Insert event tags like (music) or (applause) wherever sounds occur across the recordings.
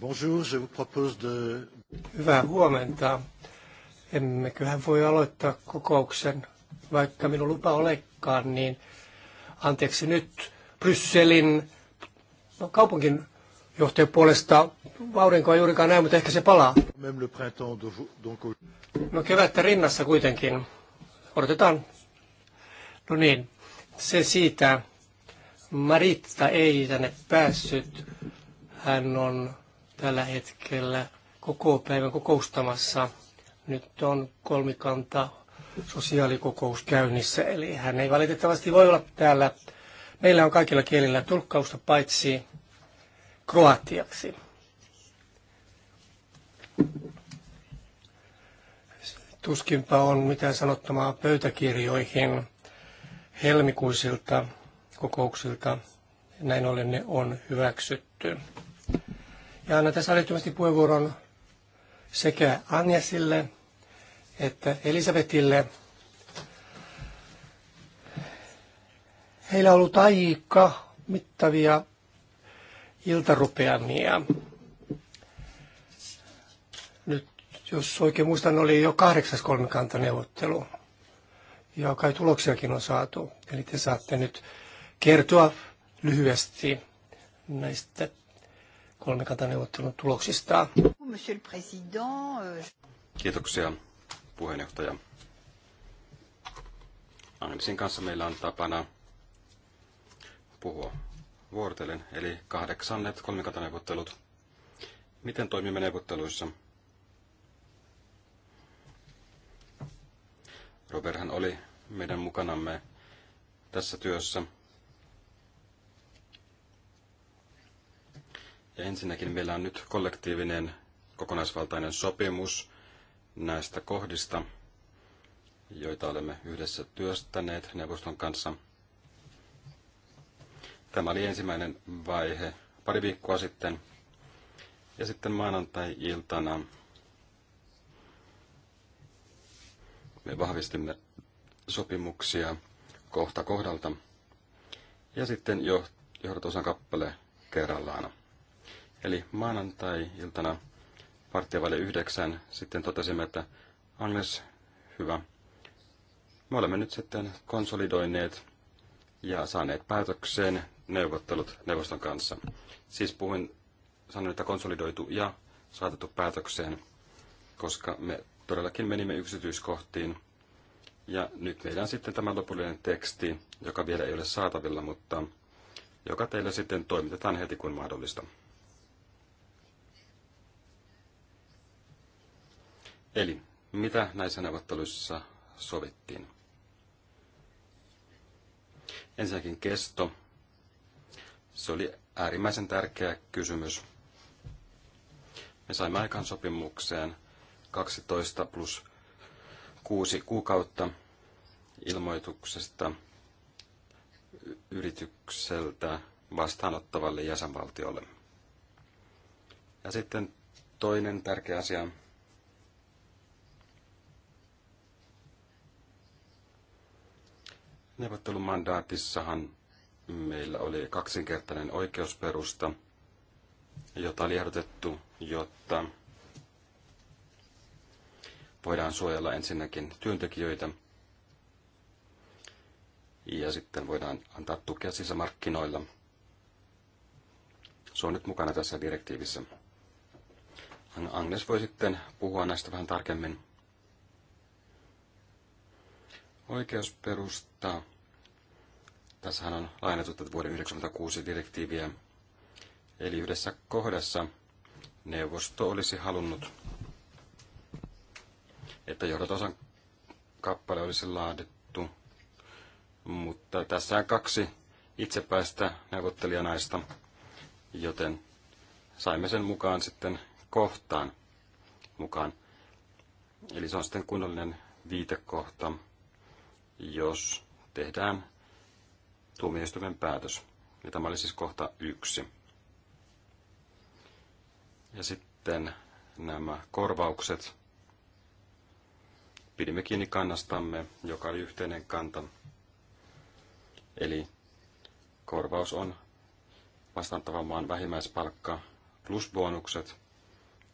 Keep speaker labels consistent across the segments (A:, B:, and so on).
A: Bonjour, je vous propose de... Hyvää huomenta.
B: Emmeköhän voi aloittaa kokouksen, vaikka minun lupa olekaan, niin anteeksi nyt Brysselin no, kaupunkin johtajan puolesta aurinkoa juurikaan näy, mutta ehkä se palaa. No kevättä rinnassa kuitenkin. Odotetaan. No niin, se siitä. Maritta ei tänne päässyt. Hän on tällä hetkellä koko päivän kokoustamassa. Nyt on kolmikanta sosiaalikokous käynnissä, eli hän ei valitettavasti voi olla täällä. Meillä on kaikilla kielillä tulkkausta paitsi kroatiaksi. Tuskinpa on mitään sanottamaa pöytäkirjoihin helmikuisilta kokouksilta. Näin ollen ne on hyväksytty. Ja annan tässä välittömästi puheenvuoron sekä Agnesille että Elisabetille. Heillä on ollut aika mittavia iltarupeamia. Nyt, jos oikein muistan, oli jo kahdeksas kolmikantaneuvottelu. Ja kai tuloksiakin on saatu. Eli te saatte nyt kertoa lyhyesti näistä kolmikantaneuvottelun tuloksista. Euh,
C: Kiitoksia puheenjohtaja. Agnesin kanssa meillä on tapana puhua vuorotellen, eli kahdeksannet kolmikantaneuvottelut. Miten toimimme neuvotteluissa? Roberthan oli meidän mukanamme tässä työssä – Ja ensinnäkin meillä on nyt kollektiivinen kokonaisvaltainen sopimus näistä kohdista, joita olemme yhdessä työstäneet neuvoston kanssa. Tämä oli ensimmäinen vaihe pari viikkoa sitten. Ja sitten maanantai-iltana me vahvistimme sopimuksia kohta kohdalta. Ja sitten johdatosan kappale kerrallaan. Eli maanantai-iltana varttia vaille yhdeksän sitten totesimme, että Agnes, hyvä. Me olemme nyt sitten konsolidoineet ja saaneet päätökseen neuvottelut neuvoston kanssa. Siis puhuin, sanoin, että konsolidoitu ja saatettu päätökseen, koska me todellakin menimme yksityiskohtiin. Ja nyt meillä on sitten tämä lopullinen teksti, joka vielä ei ole saatavilla, mutta joka teille sitten toimitetaan heti kun mahdollista. Eli mitä näissä neuvotteluissa sovittiin? Ensinnäkin kesto. Se oli äärimmäisen tärkeä kysymys. Me saimme aikaan sopimukseen 12 plus 6 kuukautta ilmoituksesta yritykseltä vastaanottavalle jäsenvaltiolle. Ja sitten toinen tärkeä asia Neuvottelumandaatissahan meillä oli kaksinkertainen oikeusperusta, jota oli ehdotettu, jotta voidaan suojella ensinnäkin työntekijöitä ja sitten voidaan antaa tukea sisämarkkinoilla. Se on nyt mukana tässä direktiivissä. Agnes voi sitten puhua näistä vähän tarkemmin. Oikeusperusta. Tässähän on lainattu tätä vuoden 1996 direktiiviä. Eli yhdessä kohdassa neuvosto olisi halunnut, että johdotosan kappale olisi laadittu, mutta tässä on kaksi itsepäistä neuvottelijanaista, joten saimme sen mukaan sitten kohtaan mukaan. Eli se on sitten kunnollinen viitekohta jos tehdään tuomioistuimen päätös. Ja tämä oli siis kohta yksi. Ja sitten nämä korvaukset. Pidimme kiinni kannastamme, joka oli yhteinen kanta. Eli korvaus on vastaantavan maan vähimmäispalkka plus bonukset,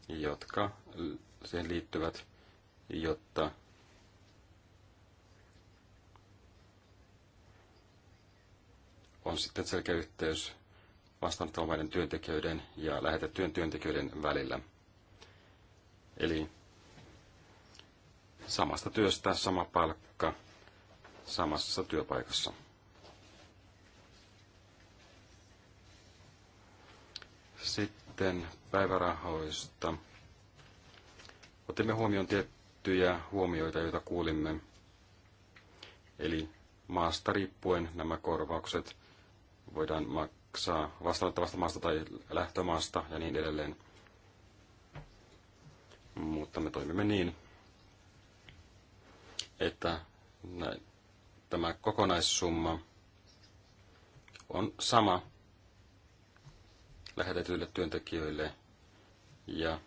C: jotka siihen liittyvät, jotta on sitten selkeä yhteys vastaanottavamaiden työntekijöiden ja lähetettyjen työntekijöiden välillä. Eli samasta työstä sama palkka samassa työpaikassa. Sitten päivärahoista. Otimme huomioon tiettyjä huomioita, joita kuulimme. Eli maasta riippuen nämä korvaukset voidaan maksaa vastaanottavasta maasta tai lähtömaasta ja niin edelleen. Mutta me toimimme niin, että näin, tämä kokonaissumma on sama lähetetyille työntekijöille ja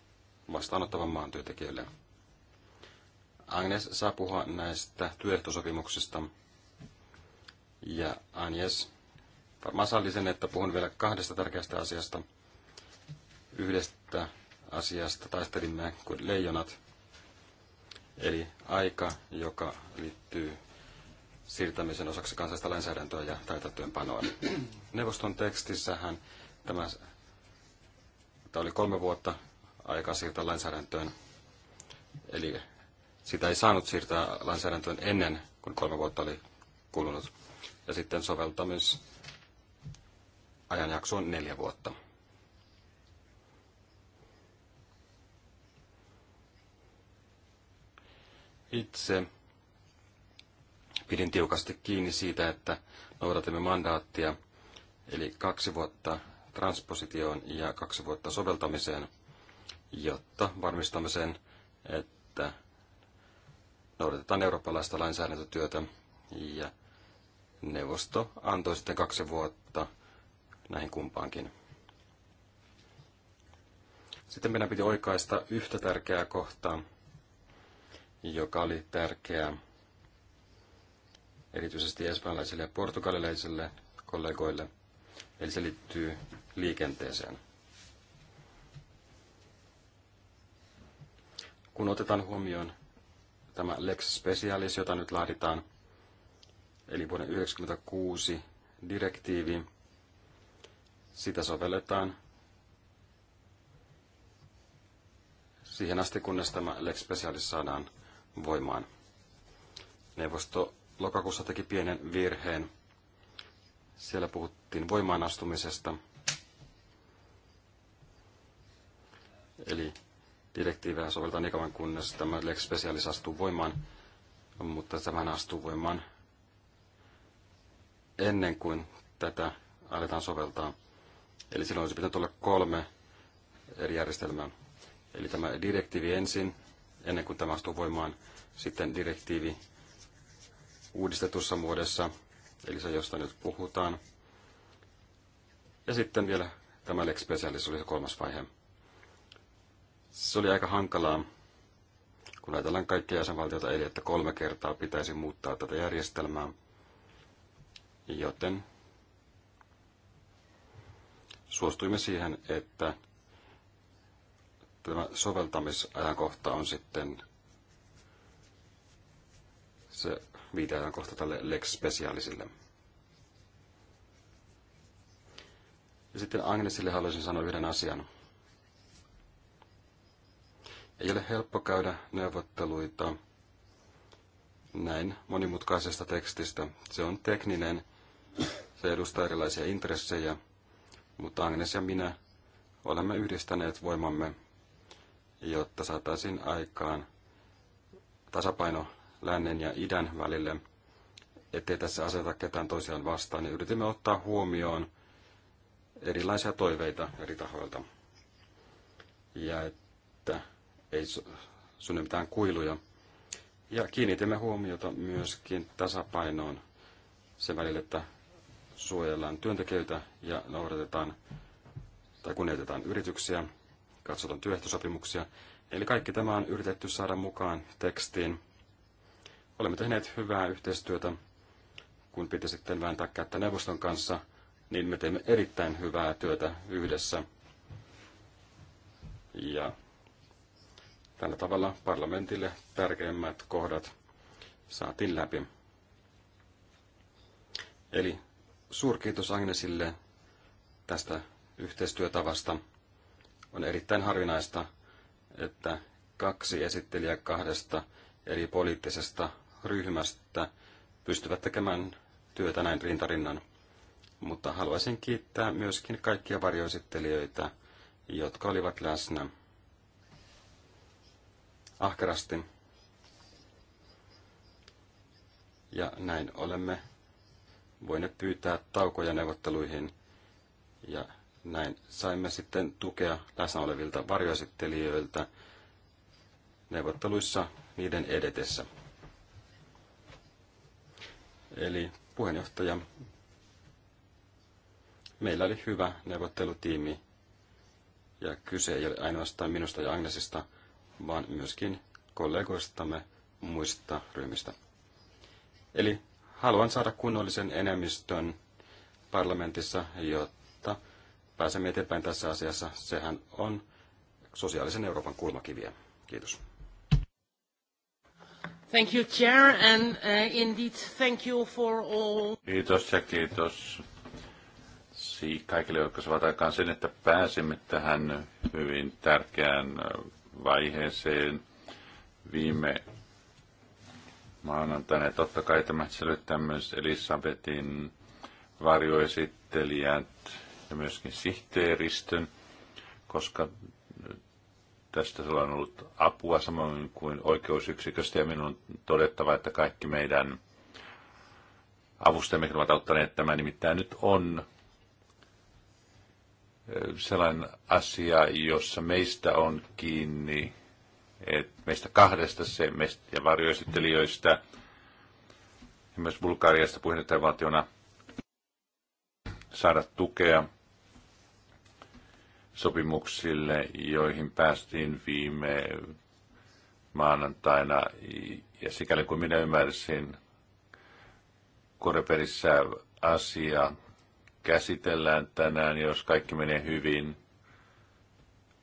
C: vastaanottavan maan työntekijöille. Agnes saa puhua näistä työehtosopimuksista ja Agnes varmaan sallisen, että puhun vielä kahdesta tärkeästä asiasta. Yhdestä asiasta taistelimme kuin leijonat, eli aika, joka liittyy siirtämisen osaksi kansallista lainsäädäntöä ja panoa. Neuvoston tekstissähän tämä, tämä oli kolme vuotta aikaa siirtää lainsäädäntöön, eli sitä ei saanut siirtää lainsäädäntöön ennen kuin kolme vuotta oli kulunut. Ja sitten soveltamis ajanjakso on neljä vuotta. Itse pidin tiukasti kiinni siitä, että noudatimme mandaattia, eli kaksi vuotta transpositioon ja kaksi vuotta soveltamiseen, jotta varmistamme sen, että noudatetaan eurooppalaista lainsäädäntötyötä ja neuvosto antoi sitten kaksi vuotta näihin kumpaankin. Sitten meidän piti oikaista yhtä tärkeää kohtaa, joka oli tärkeää erityisesti espanjalaisille ja portugalilaisille kollegoille, eli se liittyy liikenteeseen. Kun otetaan huomioon tämä Lex Specialis, jota nyt laaditaan, eli vuoden 1996 direktiivi, sitä sovelletaan siihen asti, kunnes tämä Lex Specialis saadaan voimaan. Neuvosto lokakuussa teki pienen virheen. Siellä puhuttiin voimaanastumisesta. Eli direktiivejä sovelletaan niin kauan, kunnes tämä Lex Specialis astuu voimaan, mutta tämä astuu voimaan ennen kuin tätä aletaan soveltaa. Eli silloin se pitää olla kolme eri järjestelmää. Eli tämä direktiivi ensin, ennen kuin tämä astuu voimaan, sitten direktiivi uudistetussa muodossa, eli se josta nyt puhutaan. Ja sitten vielä tämä Lex Specialis oli se kolmas vaihe. Se oli aika hankalaa, kun ajatellaan kaikkia jäsenvaltioita, eli että kolme kertaa pitäisi muuttaa tätä järjestelmää, joten suostuimme siihen, että tämä soveltamisajankohta on sitten se viiteajankohta tälle Lex Specialisille. Ja sitten Agnesille haluaisin sanoa yhden asian. Ei ole helppo käydä neuvotteluita näin monimutkaisesta tekstistä. Se on tekninen, se edustaa erilaisia intressejä, mutta Agnes ja minä olemme yhdistäneet voimamme, jotta saataisiin aikaan tasapaino lännen ja idän välille, ettei tässä aseta ketään toisiaan vastaan, niin yritimme ottaa huomioon erilaisia toiveita eri tahoilta. Ja että ei synny mitään kuiluja. Ja kiinnitimme huomiota myöskin tasapainoon sen välillä, että suojellaan työntekijöitä ja noudatetaan tai kunnioitetaan yrityksiä, katsotaan työehtosopimuksia. Eli kaikki tämä on yritetty saada mukaan tekstiin. Olemme tehneet hyvää yhteistyötä. Kun piti sitten vääntää kättä neuvoston kanssa, niin me teemme erittäin hyvää työtä yhdessä. Ja tällä tavalla parlamentille tärkeimmät kohdat saatiin läpi. Eli suurkiitos Agnesille tästä yhteistyötavasta. On erittäin harvinaista, että kaksi esittelijää kahdesta eri poliittisesta ryhmästä pystyvät tekemään työtä näin rintarinnan. Mutta haluaisin kiittää myöskin kaikkia varjoesittelijöitä, jotka olivat läsnä ahkerasti. Ja näin olemme ne pyytää taukoja neuvotteluihin ja näin saimme sitten tukea läsnä olevilta varjoesittelijöiltä neuvotteluissa niiden edetessä. Eli puheenjohtaja, meillä oli hyvä neuvottelutiimi ja kyse ei ole ainoastaan minusta ja Agnesista, vaan myöskin kollegoistamme muista ryhmistä. Eli haluan saada kunnollisen enemmistön parlamentissa, jotta pääsemme eteenpäin tässä asiassa. Sehän on sosiaalisen Euroopan kulmakiviä. Kiitos.
B: Thank you, Chair, and uh, indeed thank you for all.
A: Kiitos ja kiitos kaikille, jotka saavat aikaan sen, että pääsimme tähän hyvin tärkeään vaiheeseen. Viime maanantaina. Ja totta kai tämä selvittää myös Elisabetin varjoesittelijät ja myöskin sihteeristön, koska tästä sulla on ollut apua samoin kuin oikeusyksiköstä ja minun on todettava, että kaikki meidän avustajamme ovat auttaneet tämä nimittäin nyt on sellainen asia, jossa meistä on kiinni meistä kahdesta se meistä ja varjoesittelijöistä ja myös Bulgariasta puheenjohtajavaltiona saada tukea sopimuksille, joihin päästiin viime maanantaina. Ja sikäli kuin minä ymmärsin, Koreperissä asia käsitellään tänään, jos kaikki menee hyvin –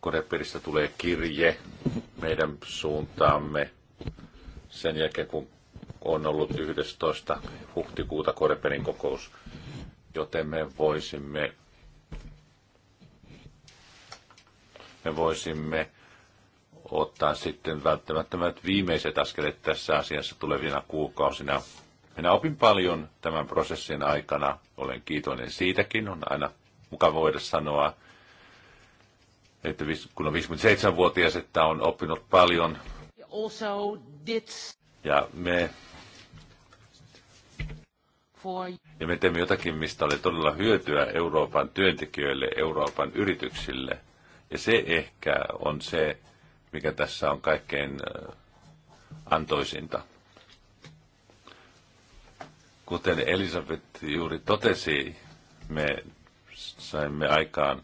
A: Koreperistä tulee kirje meidän suuntaamme sen jälkeen, kun on ollut 11. huhtikuuta Koreperin kokous, joten me voisimme, me voisimme ottaa sitten välttämättömät viimeiset askeleet tässä asiassa tulevina kuukausina. Minä opin paljon tämän prosessin aikana, olen kiitollinen siitäkin, on aina mukava voida sanoa, että kun on 57-vuotias, että on oppinut paljon. Ja me ja me teemme jotakin, mistä oli todella hyötyä Euroopan työntekijöille, Euroopan yrityksille. Ja se ehkä on se, mikä tässä on kaikkein antoisinta. Kuten Elisabeth juuri totesi, me saimme aikaan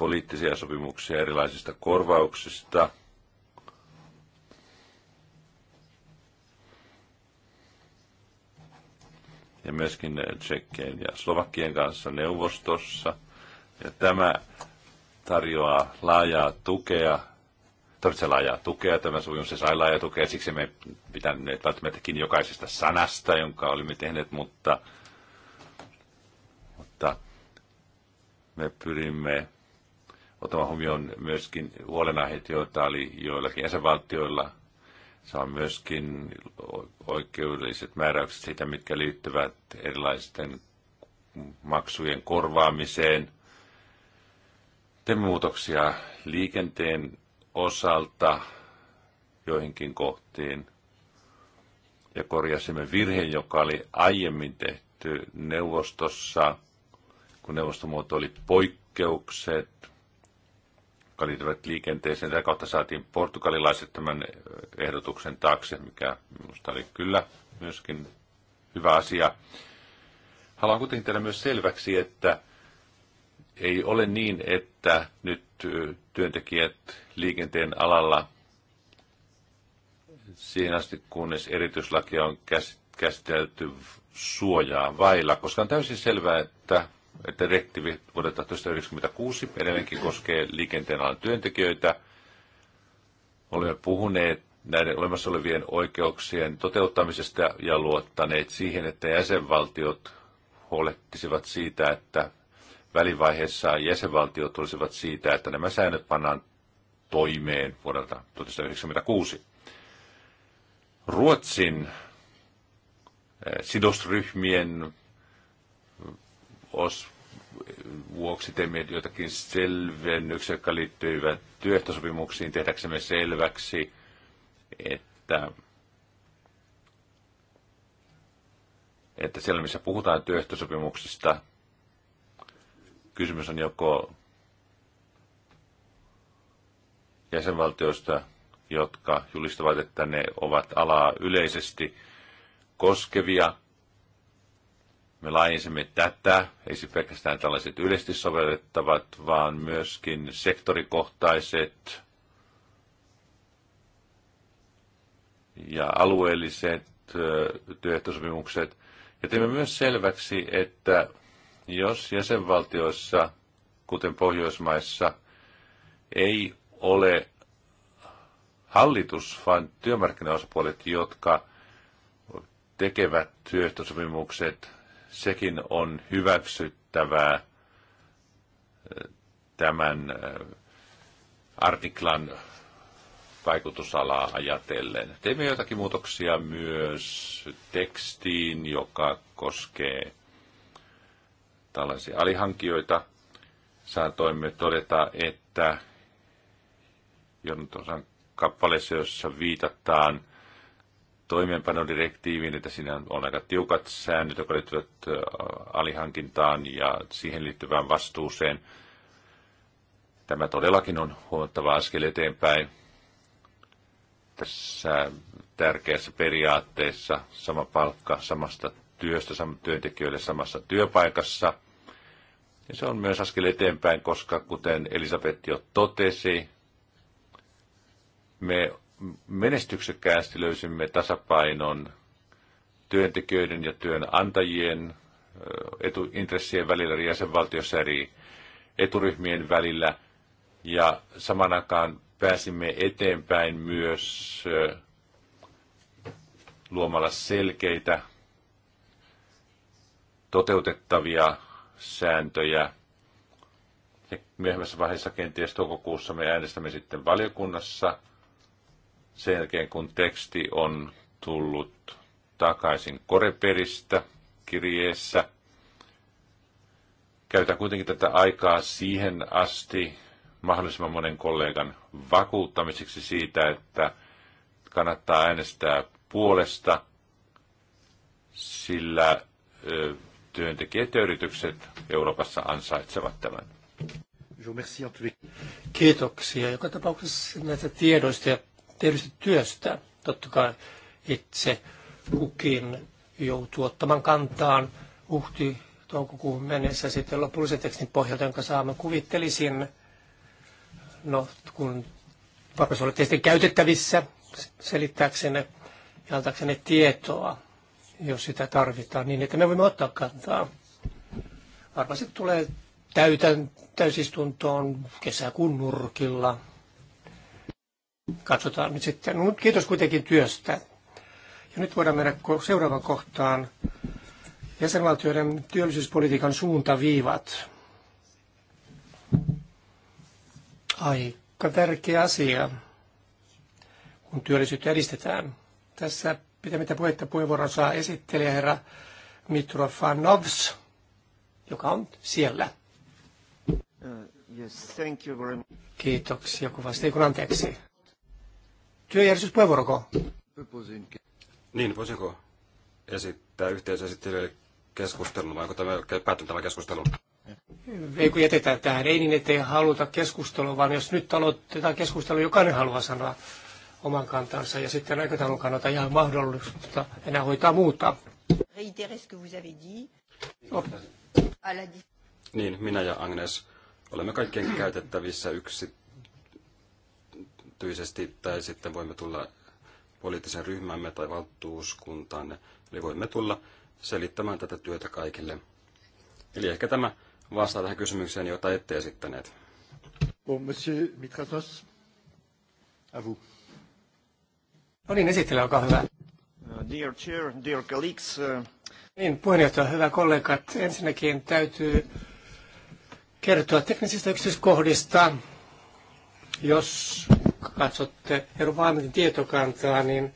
A: poliittisia sopimuksia erilaisista korvauksista. Ja myöskin Tsekkeen ja Slovakien kanssa neuvostossa. Ja tämä tarjoaa laajaa tukea, tarvitsee laajaa tukea, tämä sopimus se sai laajaa tukea, siksi me pitäneet kiinni jokaisesta sanasta, jonka olimme tehneet, mutta, mutta me pyrimme ottamaan huomioon myöskin huolenaiheet, joita oli joillakin jäsenvaltioilla. Se on myöskin oikeudelliset määräykset siitä, mitkä liittyvät erilaisten maksujen korvaamiseen. Teemme muutoksia liikenteen osalta joihinkin kohtiin ja korjasimme virheen, joka oli aiemmin tehty neuvostossa, kun neuvostomuoto oli poikkeukset jotka liittyvät liikenteeseen. Tätä kautta saatiin portugalilaiset tämän ehdotuksen taakse, mikä minusta oli kyllä myöskin hyvä asia. Haluan kuitenkin tehdä myös selväksi, että ei ole niin, että nyt työntekijät liikenteen alalla siihen asti, kunnes erityislaki on käsitelty suojaa vailla, koska on täysin selvää, että että direktiivi vuodelta 1996 edelleenkin koskee liikenteen alan työntekijöitä. Olemme puhuneet näiden olemassa olevien oikeuksien toteuttamisesta ja luottaneet siihen, että jäsenvaltiot huolehtisivat siitä, että välivaiheessa jäsenvaltiot olisivat siitä, että nämä säännöt pannaan toimeen vuodelta 1996. Ruotsin eh, sidosryhmien os vuoksi teimme jotakin selvennyksiä, jotka liittyivät työehtosopimuksiin tehdäksemme selväksi, että, että siellä missä puhutaan työehtosopimuksista, kysymys on joko jäsenvaltioista, jotka julistavat, että ne ovat alaa yleisesti koskevia, me laajensimme tätä, ei siis pelkästään tällaiset yleisesti sovellettavat, vaan myöskin sektorikohtaiset ja alueelliset työehtosopimukset. Ja teemme myös selväksi, että jos jäsenvaltioissa, kuten Pohjoismaissa, ei ole hallitus, vaan työmarkkinaosapuolet, jotka tekevät työehtosopimukset sekin on hyväksyttävää eh, tämän eh, artiklan vaikutusalaa ajatellen. Teimme joitakin muutoksia myös tekstiin, joka koskee tällaisia alihankijoita. Saatoimme todeta, että Jontosan kappaleessa, jossa viitataan toimeenpanodirektiiviin, että siinä on aika tiukat säännöt, jotka liittyvät alihankintaan ja siihen liittyvään vastuuseen. Tämä todellakin on huomattava askel eteenpäin tässä tärkeässä periaatteessa, sama palkka samasta työstä, työntekijöille samassa työpaikassa. Ja se on myös askel eteenpäin, koska kuten Elisabeth jo totesi, me menestyksekkäästi löysimme tasapainon työntekijöiden ja työnantajien etuintressien välillä eri jäsenvaltiossa eri eturyhmien välillä ja saman aikaan pääsimme eteenpäin myös luomalla selkeitä toteutettavia sääntöjä. Ja myöhemmässä vaiheessa kenties toukokuussa me äänestämme sitten valiokunnassa – sen jälkeen, kun teksti on tullut takaisin Koreperistä kirjeessä. Käytä kuitenkin tätä aikaa siihen asti mahdollisimman monen kollegan vakuuttamiseksi siitä, että kannattaa äänestää puolesta, sillä työntekijät ja yritykset Euroopassa ansaitsevat tämän.
B: Kiitoksia joka tapauksessa näistä tiedoista ja tehdystä työstä. Totta kai itse kukin joutuu ottamaan kantaan huhti toukokuun mennessä sitten lopullisen tekstin pohjalta, jonka saamme kuvittelisin, no kun varmasti olette sitten käytettävissä selittääksenne ja antaaksenne tietoa, jos sitä tarvitaan, niin että me voimme ottaa kantaa. Varmasti tulee täytän, täysistuntoon kesäkuun nurkilla. Katsotaan nyt sitten. No, kiitos kuitenkin työstä. Ja nyt voidaan mennä seuraavaan kohtaan. Jäsenvaltioiden työllisyyspolitiikan suuntaviivat. Aika tärkeä asia, kun työllisyyttä edistetään. Tässä pitämättä puhetta puheenvuoron saa esittelijä herra Mitrofanovs, joka on siellä. Uh, yes, thank you very much. Kiitoksia kovasti, kun anteeksi puheenvuoroko?
C: Niin, voisinko esittää yhteisesittelijöille keskustelun, vai onko tämä päättynyt tämä keskustelu?
B: Ei kun jätetään tähän, ei niin, ettei haluta keskustelua, vaan jos nyt aloitetaan keskustelu, jokainen haluaa sanoa oman kantansa, ja sitten aikataulun kannalta ihan mahdollisuutta enää hoitaa muuta. Oh.
C: Niin, minä ja Agnes olemme kaikkien käytettävissä yksi erityisesti, tai sitten voimme tulla poliittisen ryhmämme tai valtuuskuntaanne. Eli voimme tulla selittämään tätä työtä kaikille. Eli ehkä tämä vastaa tähän kysymykseen, jota ette
B: esittäneet. Bon, monsieur Mitratos, à vous. No niin, esittely, olkaa hyvä. Uh, dear chair, dear colleagues. Uh, niin, puheenjohtaja, hyvä kollegat. Ensinnäkin täytyy kertoa teknisistä yksityiskohdista. Jos katsotte Euroopan tietokantaa, niin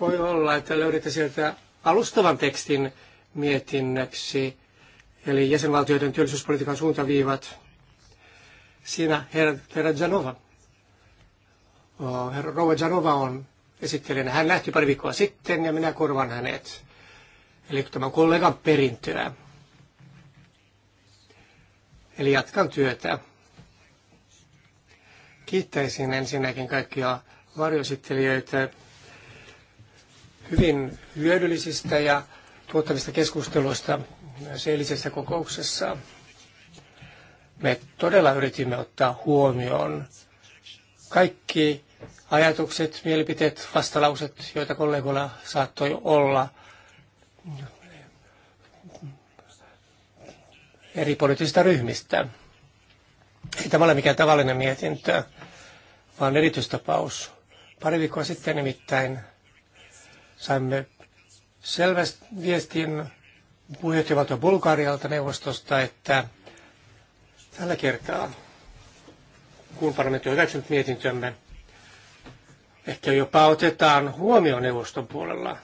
B: voi olla, että löydätte sieltä alustavan tekstin mietinnöksi, eli jäsenvaltioiden työllisyyspolitiikan suuntaviivat. Siinä herra, herra Janova, herra Rova Janova on esittelijänä. Hän lähti pari viikkoa sitten ja minä korvan hänet. Eli tämän kollegan perintöä. Eli jatkan työtä. Kiittäisin ensinnäkin kaikkia varjosittelijöitä hyvin hyödyllisistä ja tuottavista keskusteluista myös eilisessä kokouksessa. Me todella yritimme ottaa huomioon kaikki ajatukset, mielipiteet, vastalauset, joita kollegoilla saattoi olla eri poliittisista ryhmistä. Ei tämä ole mikään tavallinen mietintö vaan erityistapaus. Pari viikkoa sitten nimittäin saimme selvästi viestin puheenjohtajavaltio Bulgarialta neuvostosta, että tällä kertaa, kun parlamentti on hyväksynyt mietintömme, ehkä jopa otetaan huomioon neuvoston puolella.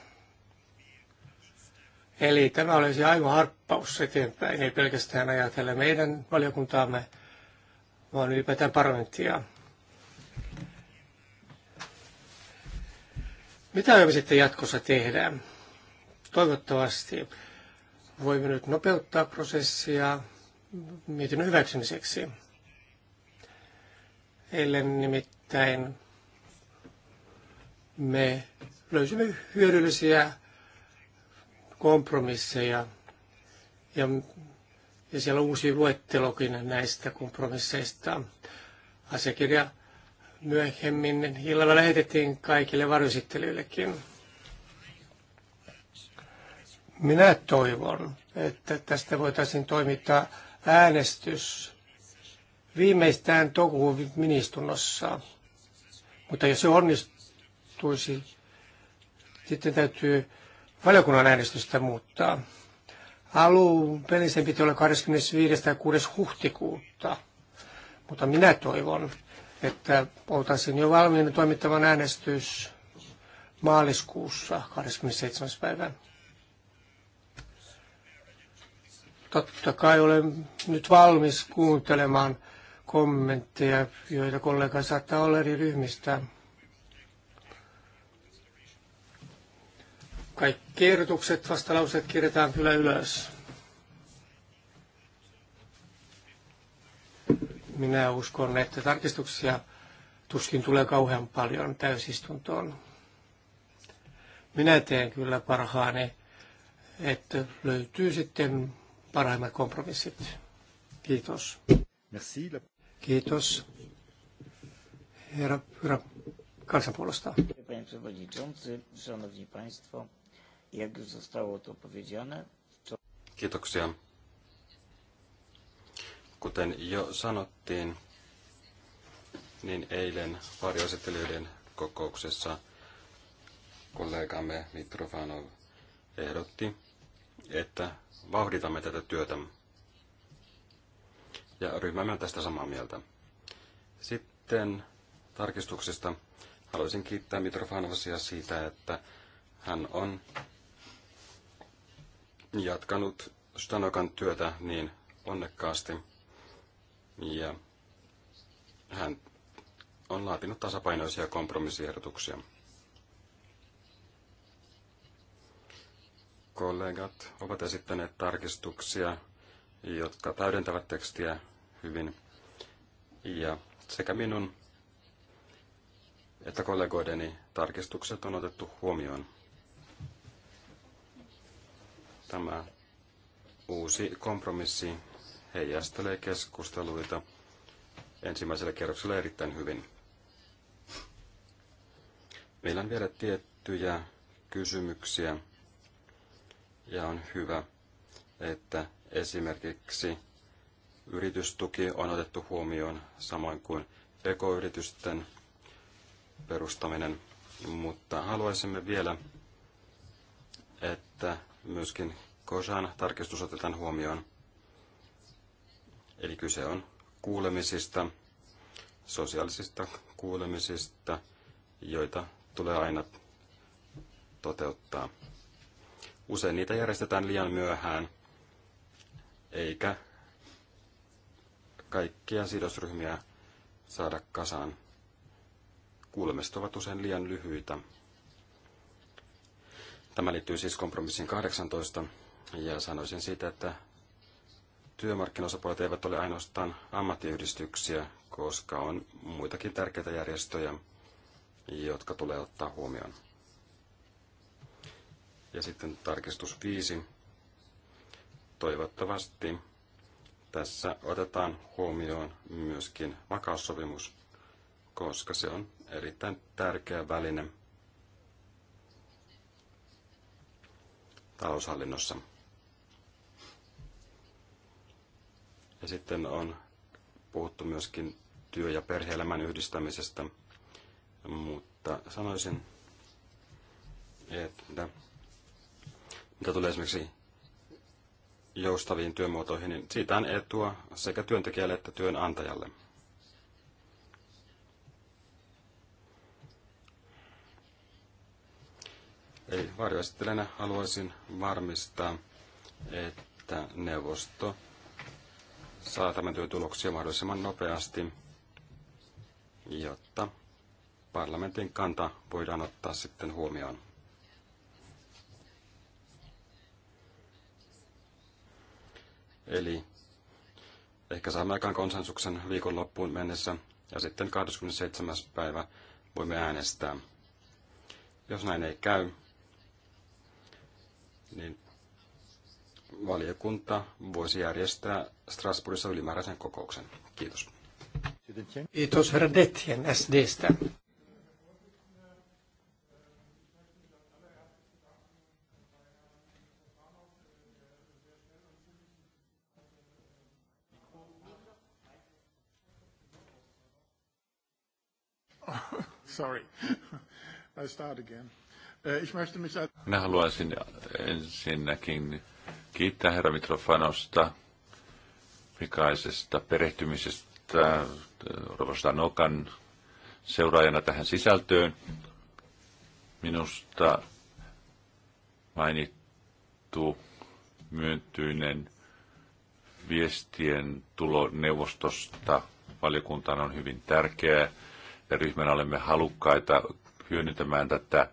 B: Eli tämä olisi aivan harppaus eteenpäin, ei pelkästään ajatella meidän valiokuntaamme, vaan ylipäätään parlamenttia. Mitä me sitten jatkossa tehdään? Toivottavasti voimme nyt nopeuttaa prosessia mietinnön hyväksymiseksi. Eilen nimittäin me löysimme hyödyllisiä kompromisseja ja, ja siellä on uusi luettelokin näistä kompromisseista. Asiakirja myöhemmin illalla lähetettiin kaikille varusittelyillekin. Minä toivon, että tästä voitaisiin toimittaa äänestys viimeistään toukokuun ministunnossa. Mutta jos se onnistuisi, sitten täytyy valiokunnan äänestystä muuttaa. Alun perin sen piti olla 25. tai 6. huhtikuuta, mutta minä toivon, että oltaisiin jo valmiina toimittamaan äänestys maaliskuussa 27. päivän. Totta kai olen nyt valmis kuuntelemaan kommentteja, joita kollega saattaa olla eri ryhmistä. Kaikki ehdotukset, vastalauseet kirjataan kyllä ylös. Minä uskon, että tarkistuksia tuskin tulee kauhean paljon täysistuntoon. Minä teen kyllä parhaani, että löytyy sitten parhaimmat kompromissit. Kiitos. Merci. Kiitos. Herra, herra kansanpuolesta. Panie Przewodniczący, Szanowni Państwo, jak już zostało to powiedziane,
C: Kiitoksia Kuten jo sanottiin, niin eilen varjoesittelijöiden kokouksessa kollegamme Mitrofanov ehdotti, että vauhditamme tätä työtä. Ja ryhmämme on tästä samaa mieltä. Sitten tarkistuksista haluaisin kiittää Mitrofanovasia siitä, että hän on jatkanut Stanokan työtä niin onnekkaasti – ja hän on laatinut tasapainoisia kompromissiehdotuksia. Kollegat ovat esittäneet tarkistuksia, jotka täydentävät tekstiä hyvin. Ja sekä minun että kollegoideni tarkistukset on otettu huomioon. Tämä uusi kompromissi heijastelee keskusteluita ensimmäisellä kerroksella erittäin hyvin. Meillä on vielä tiettyjä kysymyksiä ja on hyvä, että esimerkiksi yritystuki on otettu huomioon samoin kuin ekoyritysten perustaminen, mutta haluaisimme vielä, että myöskin Kosan tarkistus otetaan huomioon. Eli kyse on kuulemisista, sosiaalisista kuulemisista, joita tulee aina toteuttaa. Usein niitä järjestetään liian myöhään, eikä kaikkia sidosryhmiä saada kasaan. Kuulemiset ovat usein liian lyhyitä. Tämä liittyy siis kompromissin 18, ja sanoisin siitä, että työmarkkinaosapuolet eivät ole ainoastaan ammattiyhdistyksiä, koska on muitakin tärkeitä järjestöjä, jotka tulee ottaa huomioon. Ja sitten tarkistus 5. Toivottavasti tässä otetaan huomioon myöskin vakaussopimus, koska se on erittäin tärkeä väline taloushallinnossa. Ja sitten on puhuttu myöskin työ- ja perheelämän yhdistämisestä, mutta sanoisin, että mitä tulee esimerkiksi joustaviin työmuotoihin, niin siitä on etua sekä työntekijälle että työnantajalle. Eli varjoesittelijänä haluaisin varmistaa, että neuvosto saa tämän työn tuloksia mahdollisimman nopeasti, jotta parlamentin kanta voidaan ottaa sitten huomioon. Eli ehkä saamme aikaan konsensuksen viikonloppuun mennessä ja sitten 27. päivä voimme äänestää. Jos näin ei käy, niin valiokunta voisi järjestää Strasbourgissa ylimääräisen kokouksen. Kiitos.
B: Kiitos herra Detjen SDstä. (laughs) Sorry, (laughs) I start again. Eh,
A: Minä haluaisin ensinnäkin kiittää herra Mitrofanosta pikaisesta perehtymisestä eh, Rovosta Nokan seuraajana tähän sisältöön. Minusta mainittu myöntyinen viestien tulo neuvostosta valiokuntaan on hyvin tärkeää ja ryhmänä olemme halukkaita hyödyntämään tätä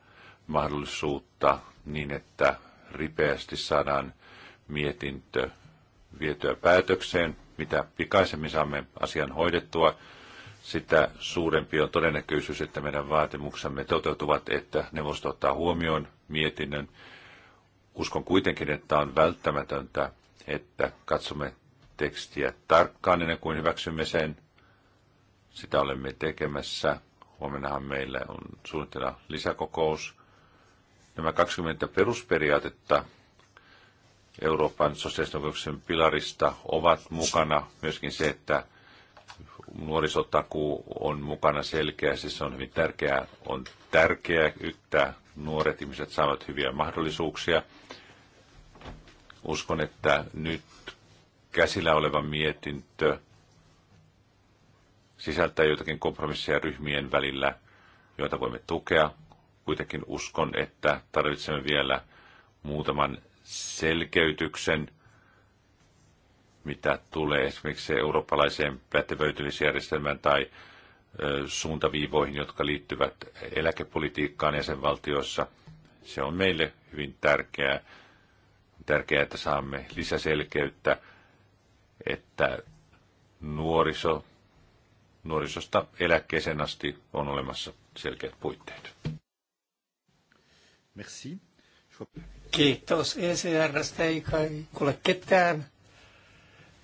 A: mahdollisuutta niin, että ripeästi saadaan mietintö vietyä päätökseen. Mitä pikaisemmin saamme asian hoidettua, sitä suurempi on todennäköisyys, että meidän vaatimuksemme toteutuvat, että neuvosto ottaa huomioon mietinnön. Uskon kuitenkin, että on välttämätöntä, että katsomme tekstiä tarkkaan ennen kuin hyväksymme sen. Sitä olemme tekemässä. Huomennahan meillä on suunnitella lisäkokous. Nämä 20 perusperiaatetta Euroopan sosiaalisen pilarista ovat mukana myöskin se, että nuorisotakuu on mukana selkeästi, se on hyvin tärkeää. On tärkeää, että nuoret ihmiset saavat hyviä mahdollisuuksia. Uskon, että nyt käsillä oleva mietintö sisältää joitakin kompromisseja ryhmien välillä, joita voimme tukea kuitenkin uskon, että tarvitsemme vielä muutaman selkeytyksen, mitä tulee esimerkiksi eurooppalaiseen pätevöitymisjärjestelmään tai suuntaviivoihin, jotka liittyvät eläkepolitiikkaan jäsenvaltioissa. Se on meille hyvin tärkeää. Tärkeää, että saamme lisäselkeyttä, että nuoriso, nuorisosta eläkkeeseen asti on olemassa selkeät puitteet.
B: Merci. Kiitos ECRstä, ei kai kuule ketään,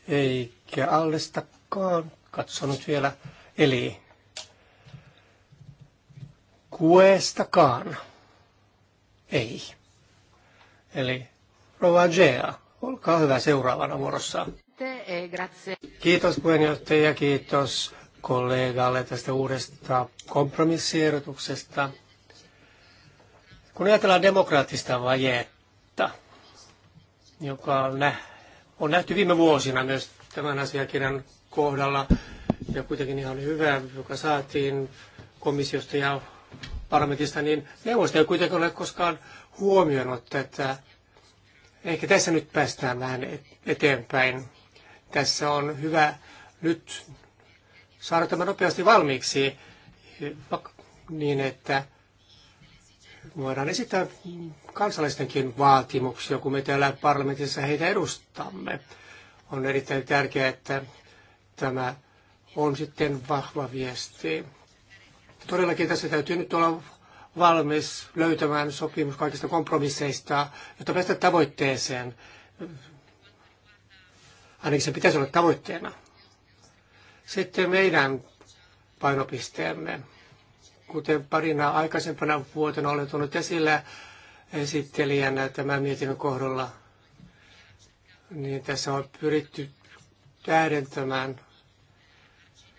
B: eikä allestakaan katsonut vielä, eli kuestakaan. Ei. Eli Rovagea, olkaa hyvä seuraavana vuorossa. Kiitos puheenjohtaja, kiitos kollegalle tästä uudesta kompromissiehdotuksesta. Kun ajatellaan demokraattista vajetta, joka on, nä- on nähty viime vuosina myös tämän asiakirjan kohdalla, ja kuitenkin ihan hyvä, joka saatiin komissiosta ja parlamentista, niin neuvosto ei kuitenkaan ole koskaan huomioinut tätä. Ehkä tässä nyt päästään vähän eteenpäin. Tässä on hyvä nyt saada tämä nopeasti valmiiksi niin, että voidaan esittää kansalaistenkin vaatimuksia, kun me täällä parlamentissa heitä edustamme. On erittäin tärkeää, että tämä on sitten vahva viesti. Todellakin tässä täytyy nyt olla valmis löytämään sopimus kaikista kompromisseista, jotta päästä tavoitteeseen. Ainakin se pitäisi olla tavoitteena. Sitten meidän painopisteemme kuten parina aikaisempana vuotena olen tullut esille esittelijänä tämän mietinnön kohdalla, niin tässä on pyritty täydentämään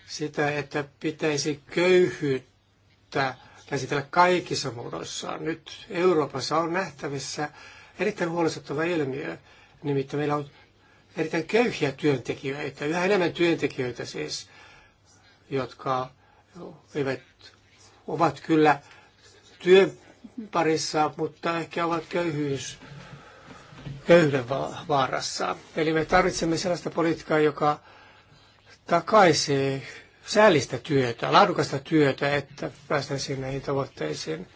B: sitä, että pitäisi köyhyyttä käsitellä kaikissa muodoissaan. Nyt Euroopassa on nähtävissä erittäin huolestuttava ilmiö, nimittäin meillä on erittäin köyhiä työntekijöitä, yhä enemmän työntekijöitä siis, jotka eivät ovat kyllä työn parissa, mutta ehkä ovat köyhyys, köyhyyden vaarassa. Eli me tarvitsemme sellaista politiikkaa, joka takaisi säällistä työtä, laadukasta työtä, että päästään näihin tavoitteisiin.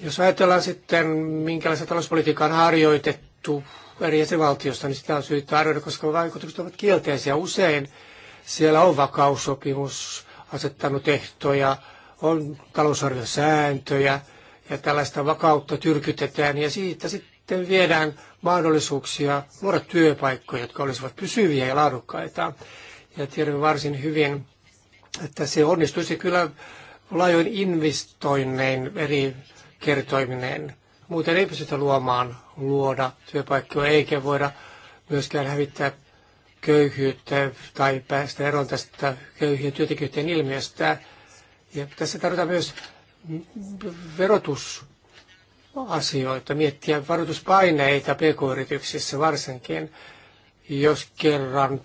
B: Jos ajatellaan sitten, minkälaista talouspolitiikkaa on harjoitettu eri jäsenvaltiosta, niin sitä on syytä arvioida, koska vaikutukset ovat kielteisiä. Usein siellä on vakaussopimus, asettanut ehtoja, on talousarvion sääntöjä ja tällaista vakautta tyrkytetään ja siitä sitten viedään mahdollisuuksia luoda työpaikkoja, jotka olisivat pysyviä ja laadukkaita. Ja tiedämme varsin hyvin, että se onnistuisi kyllä laajoin investoinnein eri kertoiminen, Muuten ei pystytä luomaan, luoda työpaikkoja eikä voida myöskään hävittää köyhyyttä tai päästä eroon tästä köyhien työntekijöiden ilmiöstä. Ja tässä tarvitaan myös verotusasioita, miettiä varoituspaineita pk-yrityksissä varsinkin, jos kerran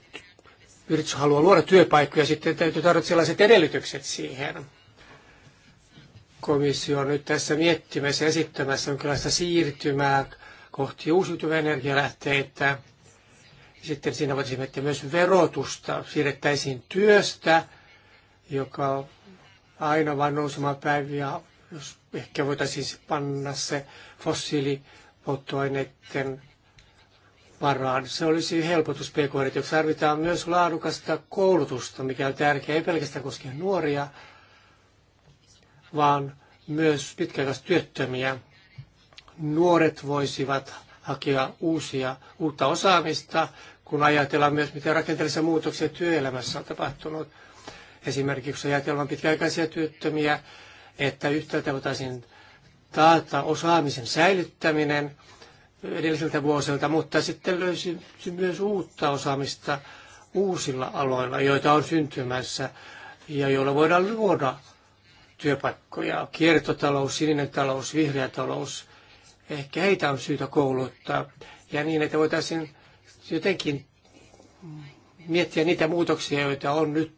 B: yritys haluaa luoda työpaikkoja, sitten täytyy tarjota sellaiset edellytykset siihen. Komissio on nyt tässä miettimässä ja esittämässä jonkinlaista siirtymää kohti uusiutuvia energialähteitä sitten siinä voisi että myös verotusta. Siirrettäisiin työstä, joka aina vain nousemaan päiviä, jos ehkä voitaisiin panna se fossiilipolttoaineiden varaan. Se olisi helpotus pk jos Tarvitaan myös laadukasta koulutusta, mikä on tärkeää, ei pelkästään koskien nuoria, vaan myös työttömiä. Nuoret voisivat hakea uusia, uutta osaamista, kun ajatellaan myös, miten rakenteellisia muutoksia työelämässä on tapahtunut. Esimerkiksi ajatellaan pitkäaikaisia työttömiä, että yhtäältä voitaisiin taata osaamisen säilyttäminen edellisiltä vuosilta, mutta sitten löysi myös uutta osaamista uusilla aloilla, joita on syntymässä ja joilla voidaan luoda työpaikkoja. Kiertotalous, sininen talous, vihreä talous, ehkä heitä on syytä kouluttaa ja niin, että voitaisiin jotenkin miettiä niitä muutoksia, joita on nyt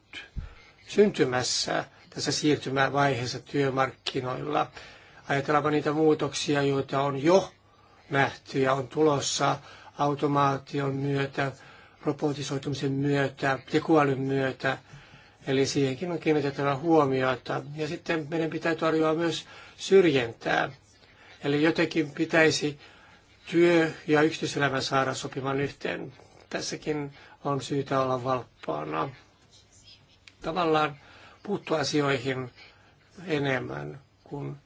B: syntymässä tässä siirtymävaiheessa työmarkkinoilla. Ajatellaanpa niitä muutoksia, joita on jo nähty ja on tulossa automaation myötä, robotisoitumisen myötä, tekoälyn myötä. Eli siihenkin on kiinnitettävä huomiota. Ja sitten meidän pitää tarjoaa myös syrjintää. Eli jotenkin pitäisi työ ja yksityiselämä saada sopimaan yhteen. Tässäkin on syytä olla valppaana. Tavallaan puuttua asioihin enemmän, kun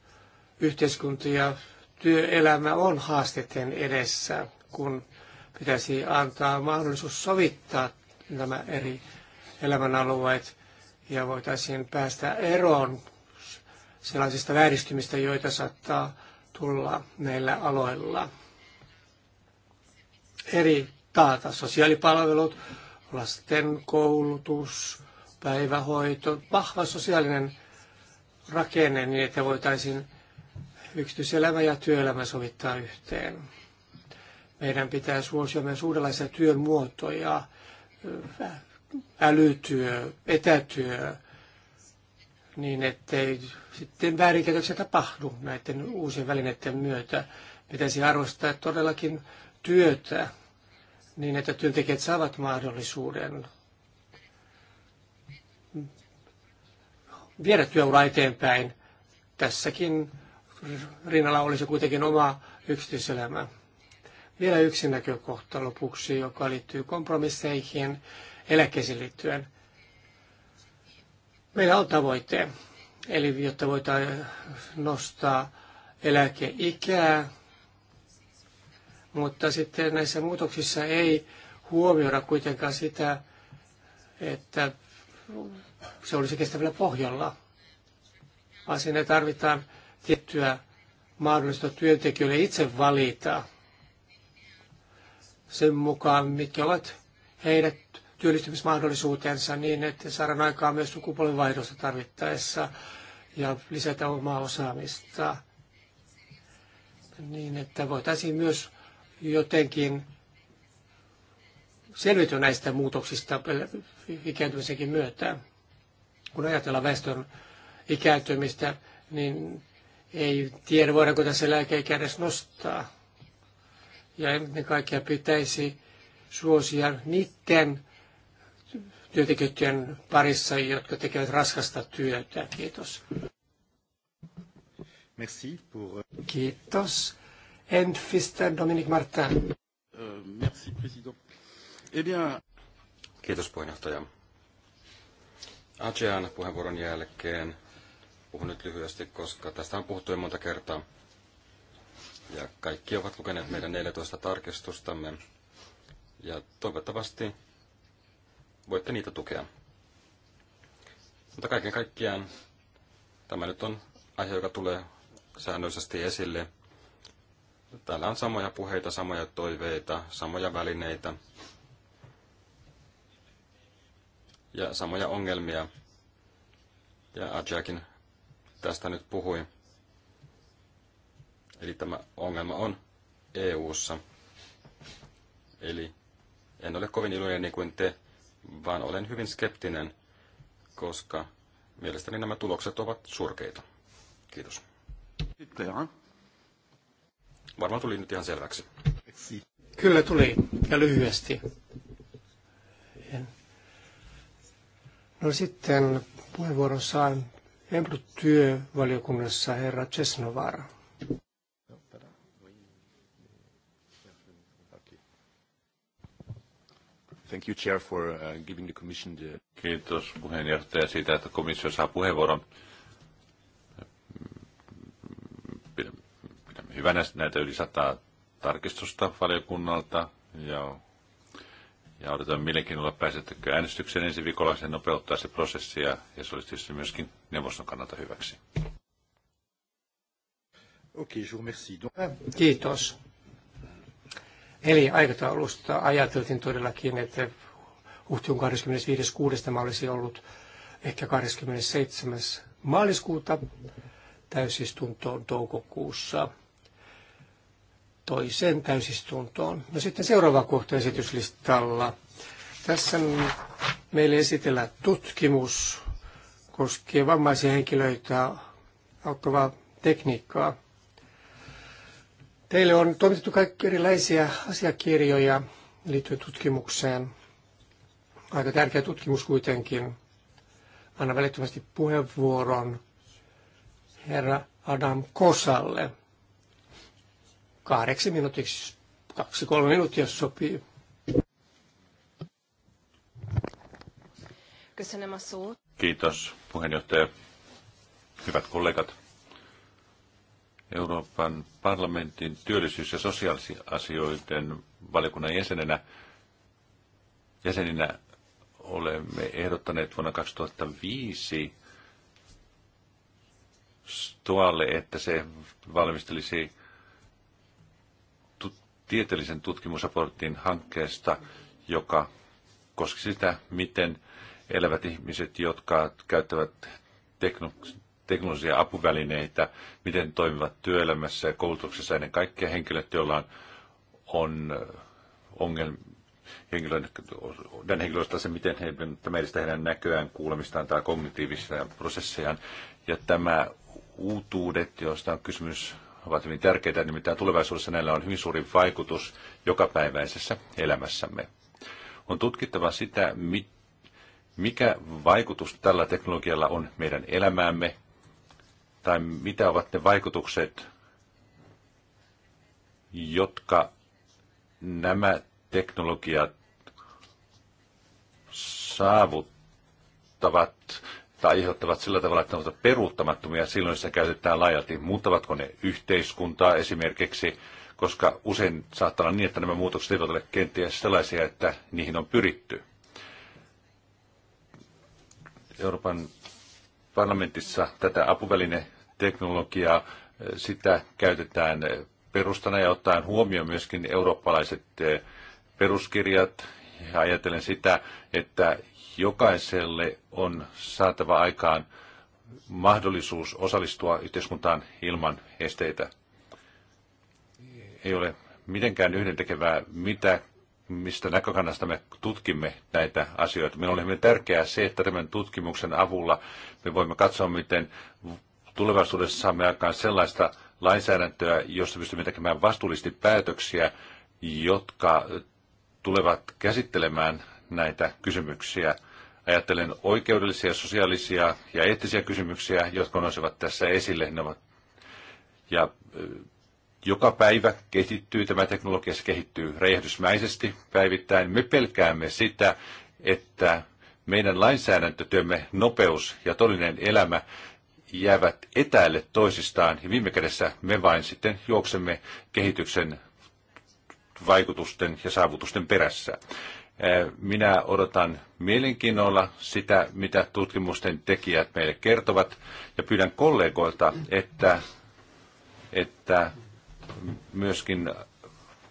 B: yhteiskunta ja työelämä on haasteiden edessä, kun pitäisi antaa mahdollisuus sovittaa nämä eri elämänalueet ja voitaisiin päästä eroon sellaisista vääristymistä, joita saattaa tulla näillä aloilla eri taata. Sosiaalipalvelut, lasten koulutus, päivähoito, vahva sosiaalinen rakenne niin, että voitaisiin yksityiselämä ja työelämä sovittaa yhteen. Meidän pitää suosia myös uudenlaisia työn muotoja, älytyö, etätyö, niin ettei sitten väärinkäytöksiä tapahdu näiden uusien välineiden myötä. Pitäisi arvostaa todellakin työtä niin että työntekijät saavat mahdollisuuden viedä työuraa eteenpäin. Tässäkin rinnalla olisi kuitenkin oma yksityiselämä. Vielä yksi näkökohta lopuksi, joka liittyy kompromisseihin eläkkeisiin liittyen. Meillä on tavoite, eli jotta voitaisiin nostaa eläkeikää mutta sitten näissä muutoksissa ei huomioida kuitenkaan sitä, että se olisi kestävällä pohjalla, vaan sinne tarvitaan tiettyä mahdollista työntekijöille itse valita sen mukaan, mitkä ovat Heidät työllistymismahdollisuutensa niin, että saadaan aikaa myös sukupolvenvaihdosta tarvittaessa ja lisätä omaa osaamista niin, että voitaisiin myös jotenkin selvity näistä muutoksista ikääntymisenkin myötä. Kun ajatellaan väestön ikääntymistä, niin ei tiedä, voidaanko tässä lääkeikä edes nostaa. Ja ennen kaikkea pitäisi suosia niiden työntekijöiden parissa, jotka tekevät raskasta työtä. Kiitos. Merci pour... Kiitos Enfistä Dominik Martin. Euh, merci, president. Eh bien...
C: Kiitos puheenjohtaja. puheenvuoron jälkeen puhun nyt lyhyesti, koska tästä on puhuttu jo monta kertaa. Ja kaikki ovat lukeneet meidän 14 tarkistustamme. Ja toivottavasti voitte niitä tukea. Mutta kaiken kaikkiaan tämä nyt on aihe, joka tulee säännöllisesti esille – Täällä on samoja puheita, samoja toiveita, samoja välineitä ja samoja ongelmia. Ja Ajakin tästä nyt puhui. Eli tämä ongelma on EU:ssa. Eli en ole kovin iloinen niin kuin te, vaan olen hyvin skeptinen, koska mielestäni nämä tulokset ovat surkeita. Kiitos. Sitten, Varmaan tuli nyt ihan selväksi.
B: Kyllä tuli, ja lyhyesti. No sitten puheenvuoron saan Emplu-työvaliokunnassa herra Cesnovara.
A: Thank you, Chair, for uh, giving the Commission the... Kiitos puheenjohtaja siitä, että komissio saa puheenvuoron. hyvänä näitä yli sataa tarkistusta valiokunnalta ja, ja odotan mielenkiinnolla pääsettekö äänestykseen ensi viikolla. Se nopeuttaa se prosessia ja se olisi tietysti myöskin neuvoston kannalta hyväksi.
B: Okei, Donc... Äh, kiitos. Eli aikataulusta ajateltiin todellakin, että huhtiun 25.6. mä olisi ollut ehkä 27. maaliskuuta täysistuntoon toukokuussa toiseen täysistuntoon. No sitten seuraava kohta esityslistalla. Tässä meille esitellään tutkimus koskien vammaisia henkilöitä auttavaa tekniikkaa. Teille on toimitettu kaikki erilaisia asiakirjoja liittyen tutkimukseen. Aika tärkeä tutkimus kuitenkin. Anna välittömästi puheenvuoron herra Adam Kosalle kahdeksi minuutiksi, kaksi kolme minuuttia sopii.
A: Kiitos puheenjohtaja. Hyvät kollegat. Euroopan parlamentin työllisyys- ja sosiaalisasioiden valiokunnan jäsenenä, jäseninä olemme ehdottaneet vuonna 2005 Stoalle, että se valmistelisi tieteellisen tutkimusraportin hankkeesta, joka koski sitä, miten elävät ihmiset, jotka käyttävät tekno- teknologisia apuvälineitä, miten toimivat työelämässä ja koulutuksessa ennen kaikkea henkilöt, joilla on, on äh, ongelmia, henkilöiden, se, miten he, tämä edistää heidän näköään, kuulemistaan tai kognitiivisia prosessejaan. Ja tämä uutuudet, joista on kysymys, ovat hyvin tärkeitä, nimittäin tulevaisuudessa näillä on hyvin suuri vaikutus jokapäiväisessä elämässämme. On tutkittava sitä, mikä vaikutus tällä teknologialla on meidän elämäämme, tai mitä ovat ne vaikutukset, jotka nämä teknologiat saavuttavat tai aiheuttavat sillä tavalla, että ne ovat peruuttamattomia silloin, jos käytetään laajalti. Muuttavatko ne yhteiskuntaa esimerkiksi, koska usein saattaa olla niin, että nämä muutokset eivät ole kenties sellaisia, että niihin on pyritty. Euroopan parlamentissa tätä apuvälineteknologiaa, sitä käytetään perustana ja ottaen huomioon myöskin eurooppalaiset peruskirjat ja ajatellen sitä, että jokaiselle on saatava aikaan mahdollisuus osallistua yhteiskuntaan ilman esteitä. Ei ole mitenkään yhdentekevää, mitä, mistä näkökannasta me tutkimme näitä asioita. Minulle on hyvin tärkeää se, että tämän tutkimuksen avulla me voimme katsoa, miten tulevaisuudessa saamme aikaan sellaista lainsäädäntöä, jossa pystymme tekemään vastuullisesti päätöksiä, jotka tulevat käsittelemään näitä kysymyksiä. Ajattelen oikeudellisia, sosiaalisia ja eettisiä kysymyksiä, jotka nousevat tässä esille. Ne ovat, ja joka päivä kehittyy, tämä teknologia kehittyy räjähdysmäisesti päivittäin. Me pelkäämme sitä, että meidän lainsäädäntötyömme nopeus ja todellinen elämä jäävät etäälle toisistaan ja viime kädessä me vain sitten juoksemme kehityksen vaikutusten ja saavutusten perässä. Eh, minä odotan mielenkiinnolla sitä, mitä tutkimusten tekijät meille kertovat, ja pyydän kollegoilta, että, että myöskin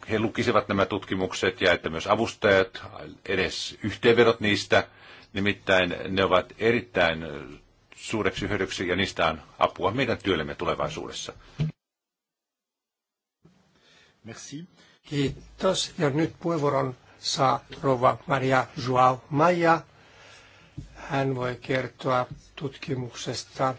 A: he lukisivat nämä tutkimukset ja että myös avustajat, edes yhteenvedot niistä, nimittäin ne ovat erittäin suureksi hyödyksi ja niistä on apua meidän työllemme tulevaisuudessa.
B: Merci. Kiitos. Ja nyt puheenvuoron saa Rova Maria Joao Maja. Hän voi kertoa tutkimuksesta.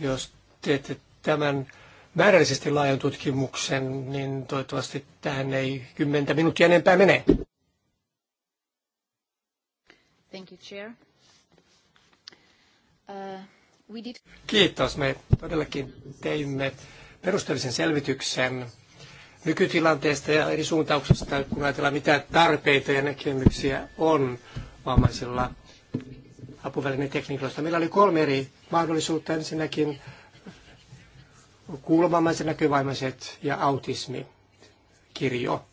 B: Jos teette tämän määrällisesti laajan tutkimuksen, niin toivottavasti tähän ei kymmentä minuuttia enempää mene.
C: Thank you, Chair. Uh, we did...
B: Kiitos. Me todellakin teimme perusteellisen selvityksen nykytilanteesta ja eri suuntauksista kun ajatellaan mitä tarpeita ja näkemyksiä on vammaisilla apuvälinetekniikoista. Meillä oli kolme eri mahdollisuutta. Ensinnäkin kuulovammaiset, näkövammaiset ja autismi kirjo.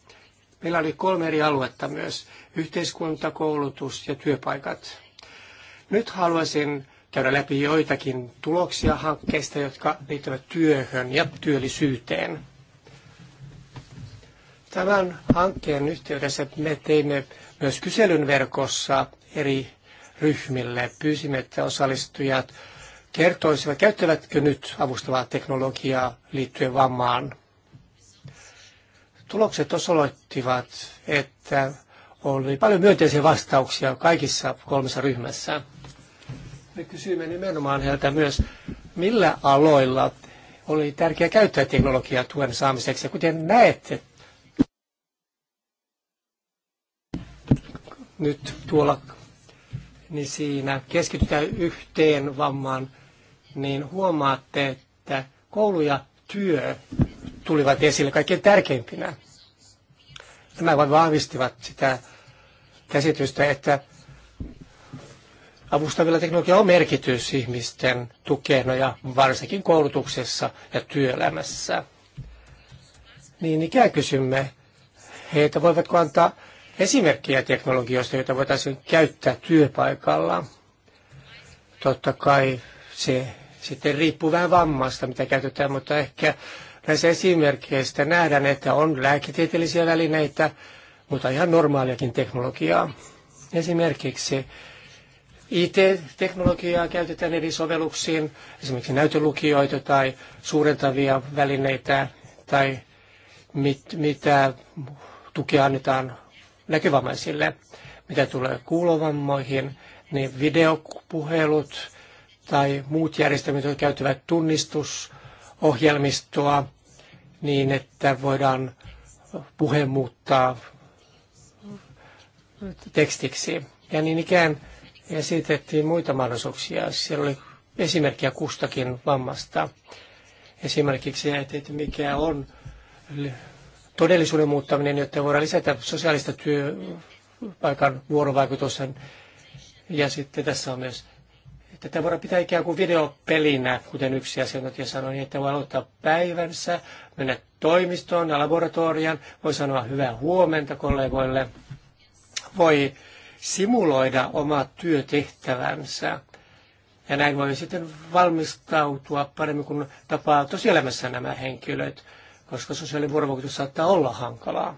B: Meillä oli kolme eri aluetta myös, yhteiskunta, koulutus ja työpaikat. Nyt haluaisin käydä läpi joitakin tuloksia hankkeista, jotka liittyvät työhön ja työllisyyteen. Tämän hankkeen yhteydessä me teimme myös kyselyn verkossa eri ryhmille. Pyysimme, että osallistujat kertoisivat, käyttävätkö nyt avustavaa teknologiaa liittyen vammaan. Tulokset osoittivat, että oli paljon myönteisiä vastauksia kaikissa kolmessa ryhmässä. Me kysyimme nimenomaan heiltä myös, millä aloilla oli tärkeää käyttää teknologiaa tuen saamiseksi. Ja kuten näette nyt tuolla, niin siinä keskitytään yhteen vammaan, niin huomaatte, että koulu ja työ tulivat esille kaikkein tärkeimpinä. Nämä vain vahvistivat sitä käsitystä, että avustavilla teknologia on merkitys ihmisten tukena no ja varsinkin koulutuksessa ja työelämässä. Niin ikään kysymme heitä, voivatko antaa esimerkkejä teknologioista, joita voitaisiin käyttää työpaikalla. Totta kai se sitten riippuu vähän vammasta, mitä käytetään, mutta ehkä näissä esimerkkeistä nähdään, että on lääketieteellisiä välineitä, mutta ihan normaaliakin teknologiaa. Esimerkiksi IT-teknologiaa käytetään eri sovelluksiin, esimerkiksi näytölukijoita tai suurentavia välineitä tai mit, mitä tukea annetaan näkövammaisille. Mitä tulee kuulovammoihin, niin videopuhelut tai muut järjestelmät, jotka käyttävät tunnistusohjelmistoa niin, että voidaan puhe muuttaa tekstiksi. Ja niin ikään esitettiin muita mahdollisuuksia. Siellä oli esimerkkiä kustakin vammasta. Esimerkiksi, että mikä on todellisuuden muuttaminen, jotta voidaan lisätä sosiaalista työpaikan vuorovaikutusta. Ja sitten tässä on myös, että tämä voidaan pitää ikään kuin videopelinä, kuten yksi asiantuntija sanoi, niin että voi aloittaa päivänsä, mennä toimistoon ja laboratorian, voi sanoa hyvää huomenta kollegoille, voi simuloida omaa työtehtävänsä. Ja näin voi sitten valmistautua paremmin, kun tapaa tosielämässä nämä henkilöt koska sosiaalinen vuorovaikutus saattaa olla hankalaa.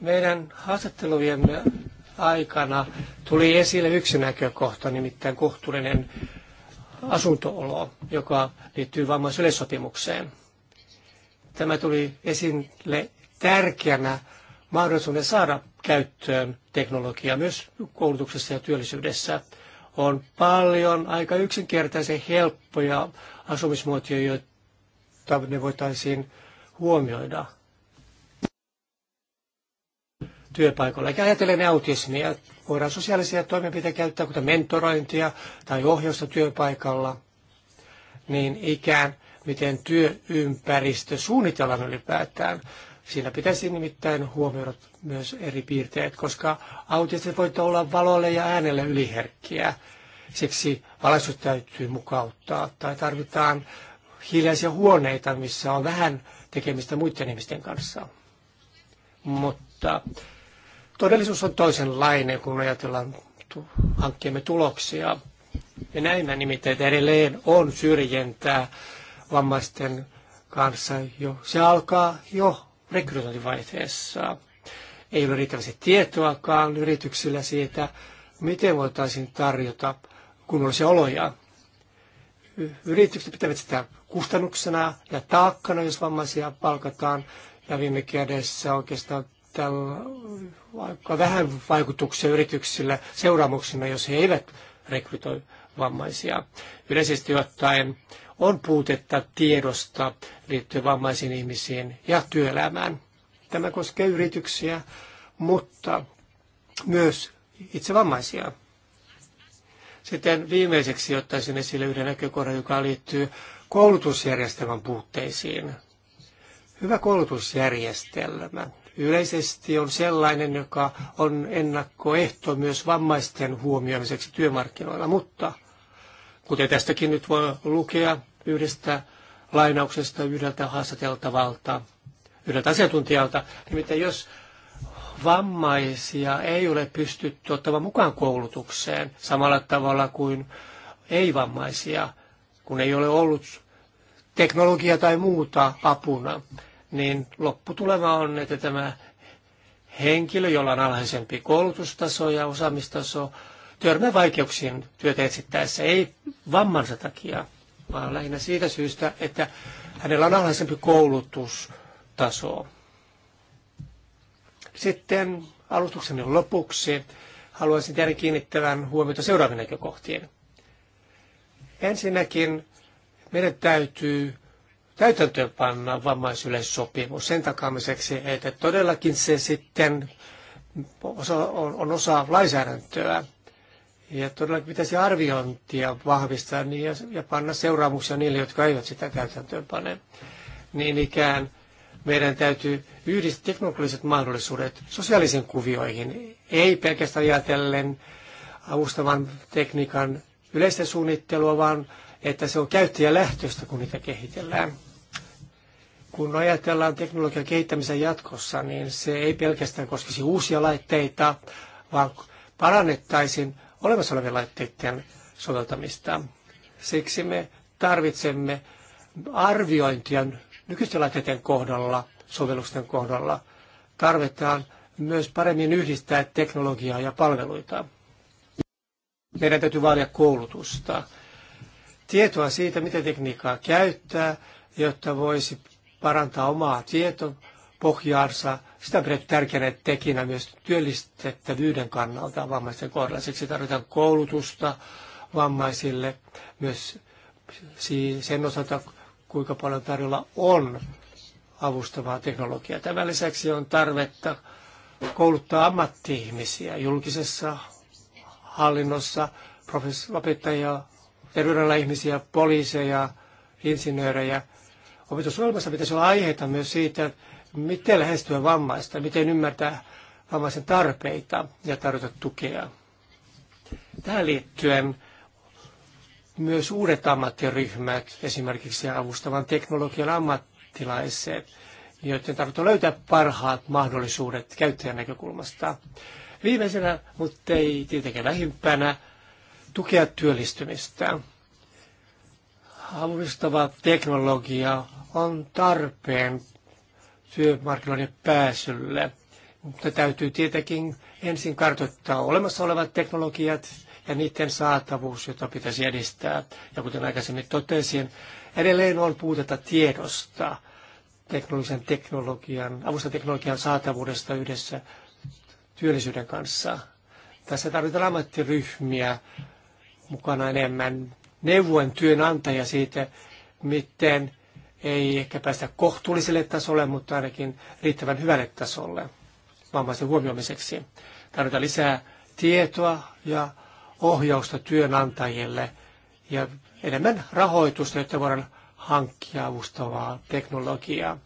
B: Meidän haastattelujemme aikana tuli esille yksi näkökohta, nimittäin kohtuullinen asuntoolo, joka liittyy vammaisyleissopimukseen. Tämä tuli esille tärkeänä mahdollisuuden saada käyttöön teknologia myös koulutuksessa ja työllisyydessä. On paljon aika yksinkertaisen helppoja asumismuotoja, jotta ne voitaisiin huomioida työpaikalla. Ja ajatellen autismia, voidaan sosiaalisia toimenpiteitä käyttää, kuten mentorointia tai ohjausta työpaikalla, niin ikään miten työympäristö suunnitellaan ylipäätään. Siinä pitäisi nimittäin huomioida myös eri piirteet, koska autiset voivat olla valolle ja äänelle yliherkkiä. Siksi valaisuus täytyy mukauttaa tai tarvitaan hiljaisia huoneita, missä on vähän tekemistä muiden ihmisten kanssa. Mutta todellisuus on toisenlainen, kun ajatellaan hankkeemme tuloksia. Ja näin nimittäin edelleen on syrjintää vammaisten kanssa jo. Se alkaa jo rekrytointivaiheessa. Ei ole riittävästi tietoakaan yrityksillä siitä, miten voitaisiin tarjota kunnollisia oloja yritykset pitävät sitä kustannuksena ja taakkana, jos vammaisia palkataan. Ja viime kädessä oikeastaan tällä aika vähän vaikutuksia yrityksille seuraamuksena, jos he eivät rekrytoi vammaisia. Yleisesti ottaen on puutetta tiedosta liittyen vammaisiin ihmisiin ja työelämään. Tämä koskee yrityksiä, mutta myös itse vammaisia. Sitten viimeiseksi ottaisin esille yhden näkökohdan, joka liittyy koulutusjärjestelmän puutteisiin. Hyvä koulutusjärjestelmä yleisesti on sellainen, joka on ennakkoehto myös vammaisten huomioimiseksi työmarkkinoilla, mutta kuten tästäkin nyt voi lukea yhdestä lainauksesta yhdeltä haastateltavalta, yhdeltä asiantuntijalta, nimittäin jos vammaisia ei ole pystytty ottamaan mukaan koulutukseen samalla tavalla kuin ei-vammaisia, kun ei ole ollut teknologia tai muuta apuna, niin lopputulema on, että tämä henkilö, jolla on alhaisempi koulutustaso ja osaamistaso, törmää vaikeuksiin työtä etsittäessä, ei vammansa takia, vaan lähinnä siitä syystä, että hänellä on alhaisempi koulutustaso. Sitten alustukseni lopuksi haluaisin teidän kiinnittävän huomiota seuraaviin näkökohtiin. Ensinnäkin meidän täytyy täytäntöönpanna vammaisyleissopimus sen takaamiseksi, että todellakin se sitten on osa lainsäädäntöä. Ja todellakin pitäisi arviointia vahvistaa niin ja, ja panna seuraamuksia niille, jotka eivät sitä täytäntöön pane. Niin ikään meidän täytyy yhdist teknologiset mahdollisuudet sosiaalisiin kuvioihin, ei pelkästään ajatellen avustavan tekniikan yleistä suunnittelua, vaan että se on käyttäjälähtöistä, kun niitä kehitellään. Kun ajatellaan teknologian kehittämisen jatkossa, niin se ei pelkästään koskisi uusia laitteita, vaan parannettaisiin olemassa olevien laitteiden soveltamista. Siksi me tarvitsemme arviointia nykyisten laitteiden kohdalla – sovellusten kohdalla. Tarvitaan myös paremmin yhdistää teknologiaa ja palveluita. Meidän täytyy vaalia koulutusta, tietoa siitä, miten tekniikkaa käyttää, jotta voisi parantaa omaa tietopohjaansa. Sitä on tärkeänä tekinä myös työllistettävyyden kannalta vammaisten kohdalla. Siksi tarvitaan koulutusta vammaisille myös sen osalta, kuinka paljon tarjolla on avustavaa teknologiaa. Tämän lisäksi on tarvetta kouluttaa ammatti-ihmisiä julkisessa hallinnossa, opettajia, terveydenala ihmisiä, poliiseja, insinöörejä. Opetusohjelmassa pitäisi olla aiheita myös siitä, miten lähestyä vammaista, miten ymmärtää vammaisen tarpeita ja tarjota tukea. Tähän liittyen myös uudet ammattiryhmät, esimerkiksi avustavan teknologian ammattiryhmät, ammattilaiset, joiden tarvitsee löytää parhaat mahdollisuudet käyttäjän näkökulmasta. Viimeisenä, mutta ei tietenkään vähimpänä, tukea työllistymistä. Avustava teknologia on tarpeen työmarkkinoiden pääsylle, mutta täytyy tietenkin ensin kartoittaa olemassa olevat teknologiat ja niiden saatavuus, jota pitäisi edistää. Ja kuten aikaisemmin totesin, Edelleen on puutetta tiedosta, teknologisen teknologian, avustateknologian saatavuudesta yhdessä työllisyyden kanssa. Tässä tarvitaan ammattiryhmiä mukana enemmän, neuvoen työnantaja siitä, miten ei ehkä päästä kohtuulliselle tasolle, mutta ainakin riittävän hyvälle tasolle vammaisen huomioimiseksi. Tarvitaan lisää tietoa ja ohjausta työnantajille ja enemmän rahoitusta, jotta voidaan hankkia avustavaa teknologiaa.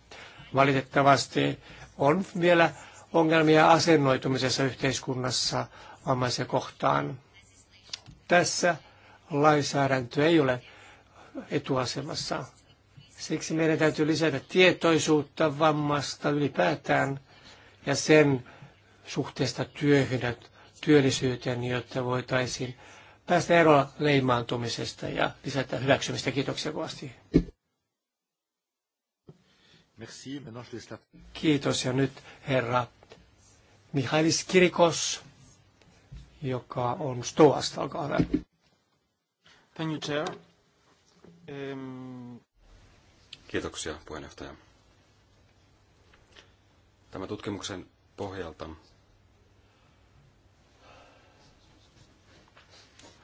B: Valitettavasti on vielä ongelmia asennoitumisessa yhteiskunnassa vammaisia kohtaan. Tässä lainsäädäntö ei ole etuasemassa. Siksi meidän täytyy lisätä tietoisuutta vammasta ylipäätään ja sen suhteesta työhön ja työllisyyteen, jotta voitaisiin päästä eroon leimaantumisesta ja lisätä hyväksymistä. Kiitoksia kovasti. Kiitos ja nyt herra Mihailis Kirikos, joka on Stoasta, olkaa hyvä. Thank you, Chair. Um...
C: Kiitoksia puheenjohtaja. Tämän tutkimuksen pohjalta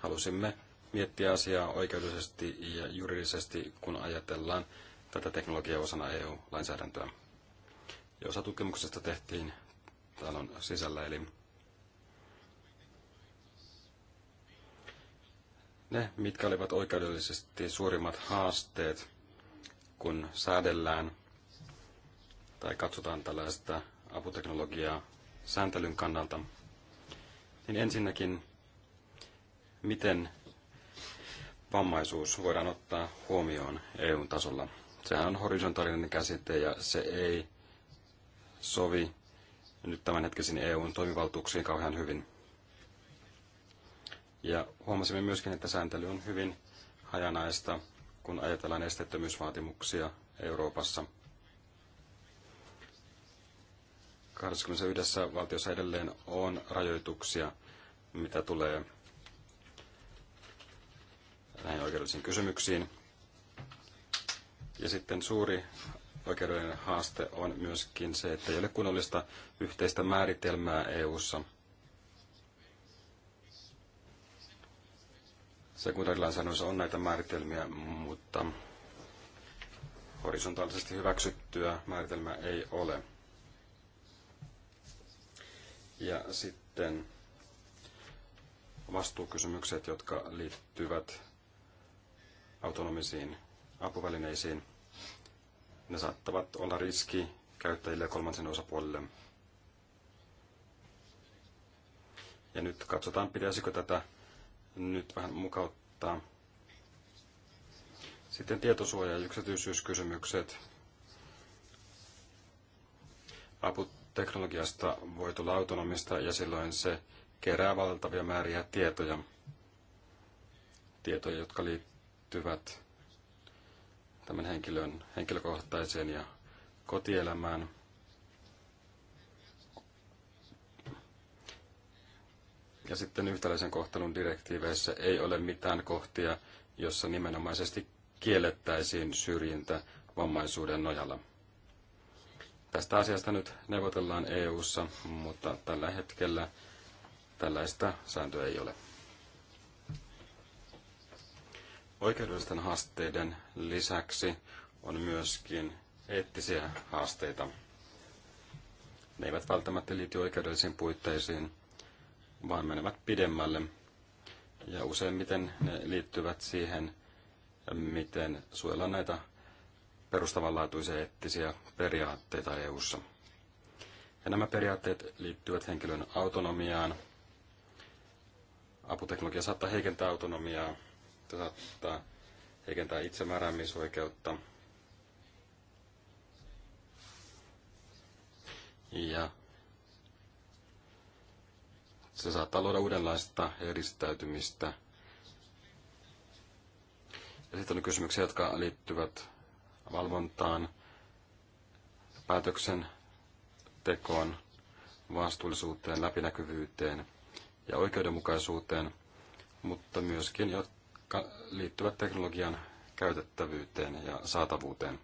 C: halusimme miettiä asiaa oikeudellisesti ja juridisesti, kun ajatellaan tätä teknologiaa osana EU-lainsäädäntöä. Ja osa tutkimuksesta tehtiin talon sisällä, eli ne, mitkä olivat oikeudellisesti suurimmat haasteet, kun säädellään tai katsotaan tällaista aputeknologiaa sääntelyn kannalta, niin ensinnäkin miten vammaisuus voidaan ottaa huomioon EU-tasolla. Sehän on horisontaalinen käsite ja se ei sovi nyt tämän hetkisin EUn toimivaltuuksiin kauhean hyvin. Ja huomasimme myöskin, että sääntely on hyvin hajanaista, kun ajatellaan esteettömyysvaatimuksia Euroopassa. 21 valtiossa edelleen on rajoituksia, mitä tulee näihin oikeudellisiin kysymyksiin. Ja sitten suuri oikeudellinen haaste on myöskin se, että ei ole kunnollista yhteistä määritelmää EU-ssa. Sekundarilainsäädännössä on näitä määritelmiä, mutta horisontaalisesti hyväksyttyä määritelmää ei ole. Ja sitten vastuukysymykset, jotka liittyvät autonomisiin apuvälineisiin. Ne saattavat olla riski käyttäjille ja kolmansen osapuolelle. Ja nyt katsotaan, pitäisikö tätä nyt vähän mukauttaa. Sitten tietosuoja- ja yksityisyyskysymykset. Aputeknologiasta voi tulla autonomista ja silloin se kerää valtavia määriä tietoja. Tietoja, jotka liittyvät liittyvät tämän henkilön henkilökohtaiseen ja kotielämään. Ja sitten yhtäläisen kohtelun direktiiveissä ei ole mitään kohtia, jossa nimenomaisesti kiellettäisiin syrjintä vammaisuuden nojalla. Tästä asiasta nyt neuvotellaan EU:ssa, mutta tällä hetkellä tällaista sääntöä ei ole. Oikeudellisten haasteiden lisäksi on myöskin eettisiä haasteita. Ne eivät välttämättä liity oikeudellisiin puitteisiin, vaan menevät pidemmälle. Ja useimmiten ne liittyvät siihen, miten suojellaan näitä perustavanlaatuisia eettisiä periaatteita EU:ssa. Ja nämä periaatteet liittyvät henkilön autonomiaan. Aputeknologia saattaa heikentää autonomiaa saattaa heikentää itsemääräämisoikeutta. Ja se saattaa luoda uudenlaista eristäytymistä. Ja sitten on kysymyksiä, jotka liittyvät valvontaan, päätöksen tekoon, vastuullisuuteen, läpinäkyvyyteen ja oikeudenmukaisuuteen, mutta myöskin jotka liittyvät teknologian käytettävyyteen ja saatavuuteen.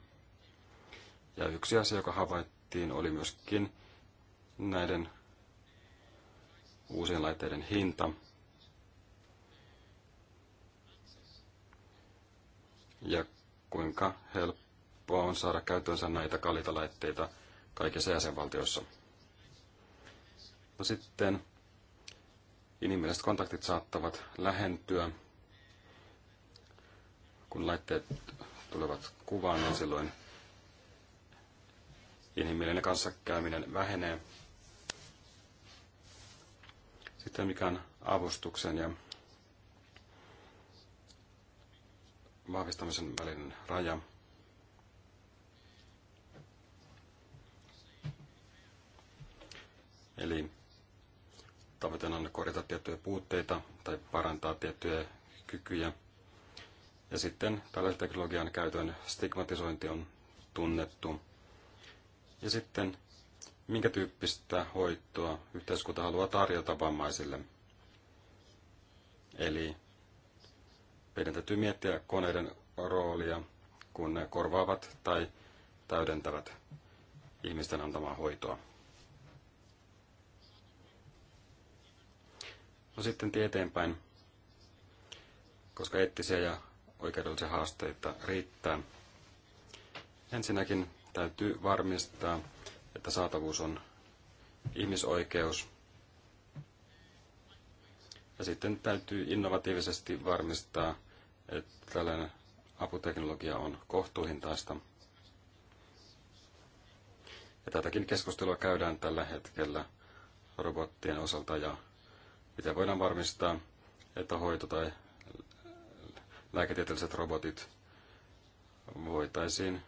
C: Ja yksi asia, joka havaittiin, oli myöskin näiden uusien laitteiden hinta. Ja kuinka helppoa on saada käyttöönsä näitä kalliita laitteita kaikissa jäsenvaltioissa. No sitten inhimilliset kontaktit saattavat lähentyä kun laitteet tulevat kuvaan, niin silloin inhimillinen kanssakäyminen vähenee. Sitten mikä on avustuksen ja vahvistamisen välinen raja. Eli tavoitteena on korjata tiettyjä puutteita tai parantaa tiettyjä kykyjä – ja sitten tällaisen teknologian käytön stigmatisointi on tunnettu. Ja sitten, minkä tyyppistä hoitoa yhteiskunta haluaa tarjota vammaisille. Eli meidän täytyy miettiä koneiden roolia, kun ne korvaavat tai täydentävät ihmisten antamaa hoitoa. No sitten tieteenpäin, koska eettisiä ja oikeudellisia haasteita riittää. Ensinnäkin täytyy varmistaa, että saatavuus on ihmisoikeus. Ja sitten täytyy innovatiivisesti varmistaa, että tällainen aputeknologia on kohtuuhintaista. Ja tätäkin keskustelua käydään tällä hetkellä robottien osalta ja miten voidaan varmistaa, että hoito tai lääketieteelliset robotit voitaisiin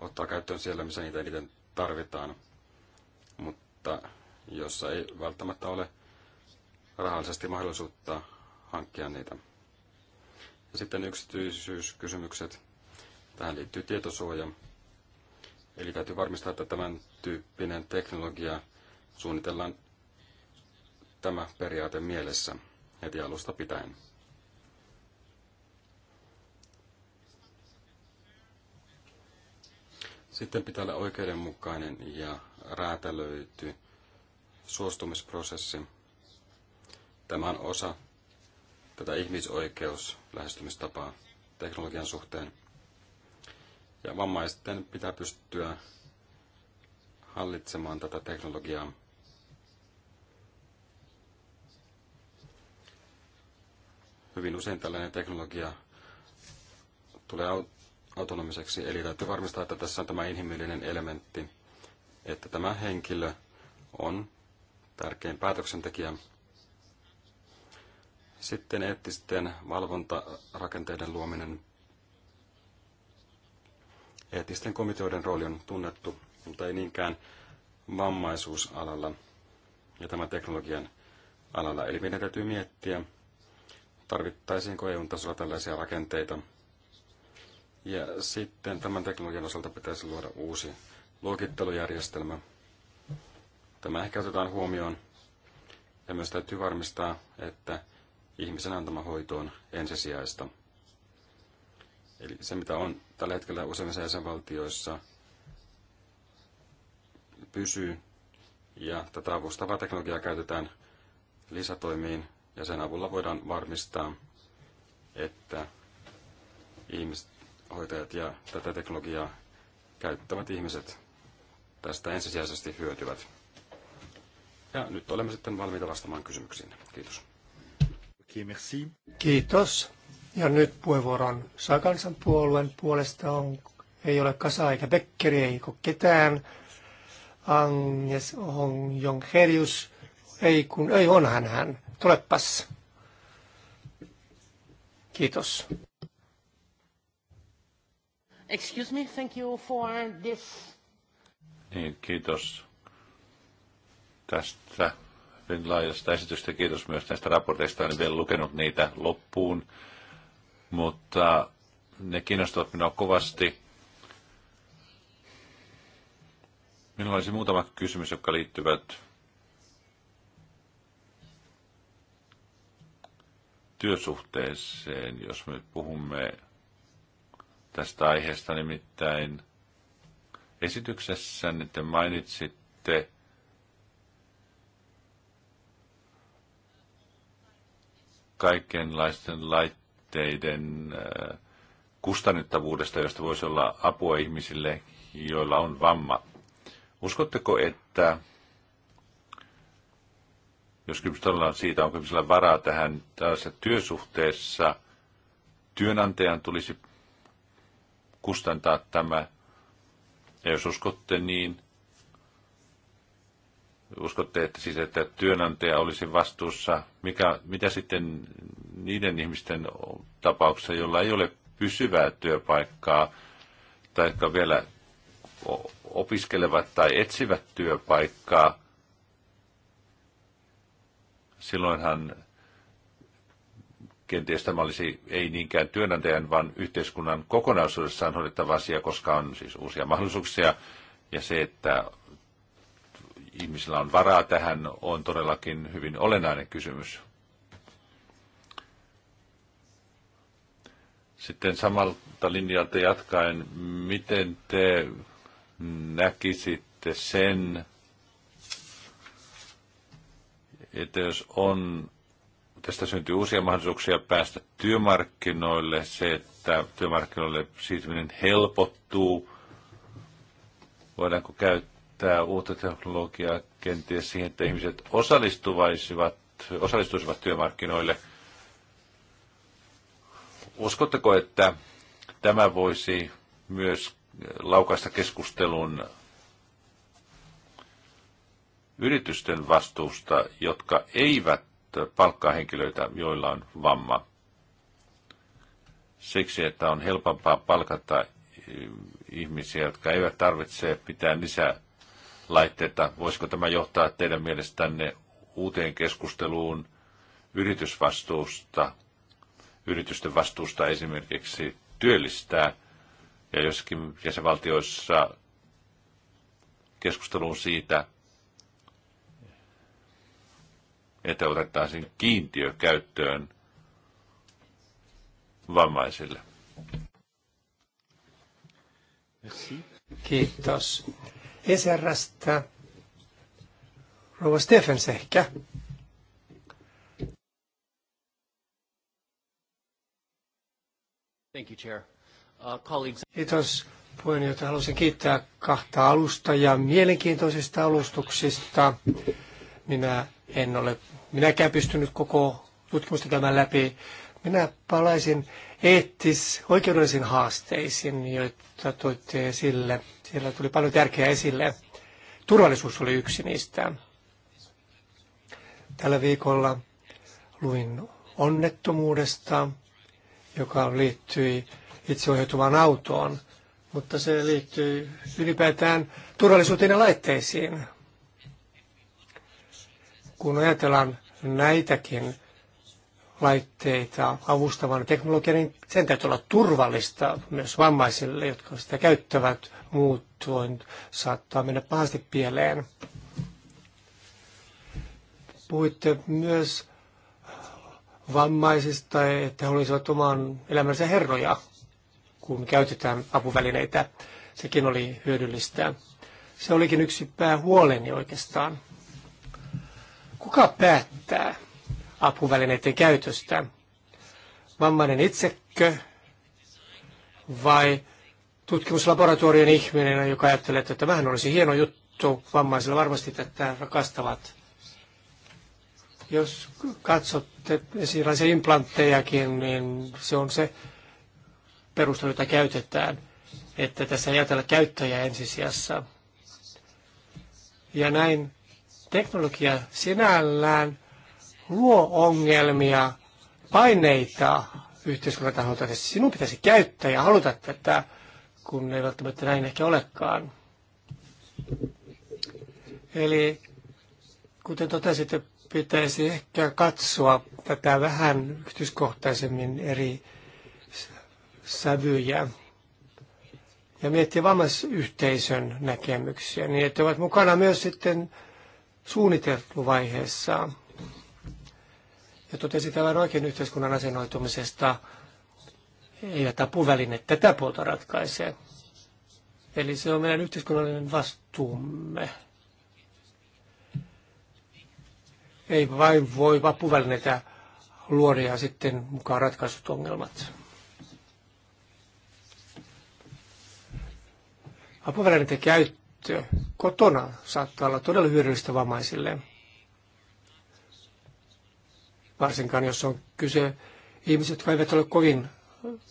C: ottaa käyttöön siellä, missä niitä eniten tarvitaan, mutta jossa ei välttämättä ole rahallisesti mahdollisuutta hankkia niitä. Ja sitten yksityisyyskysymykset. Tähän liittyy tietosuoja. Eli täytyy varmistaa, että tämän tyyppinen teknologia suunnitellaan tämä periaate mielessä heti alusta pitäen. Sitten pitää olla oikeudenmukainen ja räätälöity suostumisprosessi. Tämä on osa tätä ihmisoikeus lähestymistapaa teknologian suhteen. Ja vammaisten pitää pystyä hallitsemaan tätä teknologiaa. Hyvin usein tällainen teknologia tulee autonomiseksi. Eli täytyy varmistaa, että tässä on tämä inhimillinen elementti, että tämä henkilö on tärkein päätöksentekijä. Sitten eettisten valvontarakenteiden luominen. Eettisten komiteoiden rooli on tunnettu, mutta ei niinkään vammaisuusalalla ja tämän teknologian alalla. Eli meidän täytyy miettiä, tarvittaisiinko EU-tasolla tällaisia rakenteita – ja sitten tämän teknologian osalta pitäisi luoda uusi luokittelujärjestelmä. Tämä ehkä otetaan huomioon. Ja myös täytyy varmistaa, että ihmisen antama hoito on ensisijaista. Eli se, mitä on tällä hetkellä useimmissa jäsenvaltioissa, pysyy. Ja tätä avustavaa teknologiaa käytetään lisätoimiin, ja sen avulla voidaan varmistaa, että ihmiset hoitajat ja tätä teknologiaa käyttävät ihmiset tästä ensisijaisesti hyötyvät. Ja nyt olemme sitten valmiita vastaamaan kysymyksiin. Kiitos.
B: Kiitos. Ja nyt puheenvuoron Sakansan puolueen puolesta on, ei ole Kasa eikä Bekkeri, ei ole ketään. Agnes on Jongherius. Ei kun, ei onhan hän. Tulepas. Kiitos. Excuse me, thank you for this.
A: Niin, kiitos tästä hyvin laajasta esitystä. Kiitos myös näistä raporteista. En vielä lukenut niitä loppuun, mutta ne kiinnostavat minua kovasti. Minulla olisi muutama kysymys, jotka liittyvät työsuhteeseen, jos me puhumme tästä aiheesta, nimittäin esityksessänne te mainitsitte kaikenlaisten laitteiden äh, kustannettavuudesta, josta voisi olla apua ihmisille, joilla on vamma. Uskotteko, että jos kysymys on siitä, onko sillä varaa tähän tällaisessa työsuhteessa, työnantajan tulisi kustantaa tämä. Ja jos uskotte niin, uskotte, että, siis, että työnantaja olisi vastuussa, mikä, mitä sitten niiden ihmisten tapauksessa, jolla ei ole pysyvää työpaikkaa, tai jotka vielä opiskelevat tai etsivät työpaikkaa, silloinhan Kenties tämä olisi ei niinkään työnantajan, vaan yhteiskunnan kokonaisuudessaan hoidettava asia, koska on siis uusia mahdollisuuksia. Ja se, että ihmisillä on varaa tähän, on todellakin hyvin olennainen kysymys. Sitten samalta linjalta jatkaen, miten te näkisitte sen, että jos on tästä syntyy uusia mahdollisuuksia päästä työmarkkinoille. Se, että työmarkkinoille siirtyminen helpottuu. Voidaanko käyttää uutta teknologiaa kenties siihen, että ihmiset osallistuvaisivat, osallistuisivat työmarkkinoille? Uskotteko, että tämä voisi myös laukaista keskustelun yritysten vastuusta, jotka eivät palkkaa henkilöitä, joilla on vamma. Siksi, että on helpompaa palkata ihmisiä, jotka eivät tarvitse pitää lisää laitteita. Voisiko tämä johtaa teidän mielestänne uuteen keskusteluun yritysvastuusta, yritysten vastuusta esimerkiksi työllistää, ja joskin jäsenvaltioissa keskusteluun siitä, että otettaisiin kiintiö käyttöön vammaisille.
B: Kiitos. Esärästä Rova Stefens ehkä. Thank you, Chair. Uh, colleagues... Kiitos puheenjohtaja. Haluaisin kiittää kahta alusta ja mielenkiintoisista alustuksista. Minä en ole minäkään pystynyt koko tutkimusta käymään läpi. Minä palaisin eettis oikeudellisiin haasteisiin, joita toitte esille. Siellä tuli paljon tärkeää esille. Turvallisuus oli yksi niistä. Tällä viikolla luin onnettomuudesta, joka liittyi itseohjautuvaan autoon, mutta se liittyy ylipäätään turvallisuuteen ja laitteisiin. Kun ajatellaan näitäkin laitteita avustavan teknologian, niin sen täytyy olla turvallista myös vammaisille, jotka sitä käyttävät. Muutoin saattaa mennä pahasti pieleen. Puhuitte myös vammaisista, että he olisivat oman elämänsä herroja, kun käytetään apuvälineitä. Sekin oli hyödyllistä. Se olikin yksi päähuoleni oikeastaan. Kuka päättää apuvälineiden käytöstä? Vammainen itsekö vai tutkimuslaboratorion ihminen, joka ajattelee, että tämähän olisi hieno juttu, vammaisilla varmasti tätä rakastavat. Jos katsotte esilaisia implanttejakin, niin se on se perustelu, jota käytetään, että tässä ei ajatella käyttäjää ensisijassa. Ja näin Teknologia sinällään luo ongelmia, paineita yhteiskunnan taholta, että sinun pitäisi käyttää ja haluta tätä, kun ei välttämättä näin ehkä olekaan. Eli kuten totesitte, pitäisi ehkä katsoa tätä vähän yksityiskohtaisemmin eri sävyjä ja miettiä vammaisyhteisön näkemyksiä, niin että ovat mukana myös sitten suunnitteluvaiheessa. Ja totesi tämän oikein yhteiskunnan asennoitumisesta, eivät apuvälineet tätä puolta ratkaisee. Eli se on meidän yhteiskunnallinen vastuumme. Ei vain voi apuvälineitä luoda ja sitten mukaan ratkaisut ongelmat. Apuvälineiden käyttö kotona saattaa olla todella hyödyllistä vammaisille. Varsinkaan jos on kyse ihmiset, jotka eivät ole kovin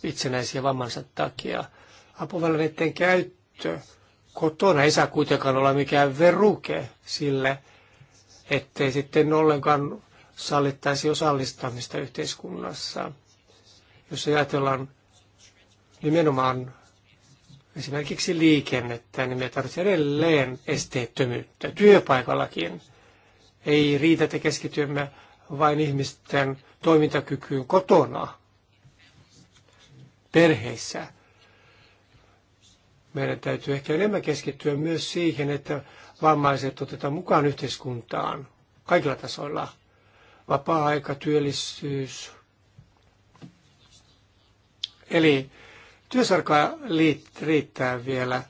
B: itsenäisiä vammansa takia. Apuvälineiden käyttö kotona ei saa kuitenkaan olla mikään veruke sille, ettei sitten ollenkaan sallittaisi osallistamista yhteiskunnassa. Jos ajatellaan nimenomaan esimerkiksi liikennettä, niin me tarvitsemme edelleen esteettömyyttä työpaikallakin. Ei riitä, että keskitymme vain ihmisten toimintakykyyn kotona, perheissä. Meidän täytyy ehkä enemmän keskittyä myös siihen, että vammaiset otetaan mukaan yhteiskuntaan kaikilla tasoilla. Vapaa-aika, työllisyys. Eli Työsarkaa riittää vielä.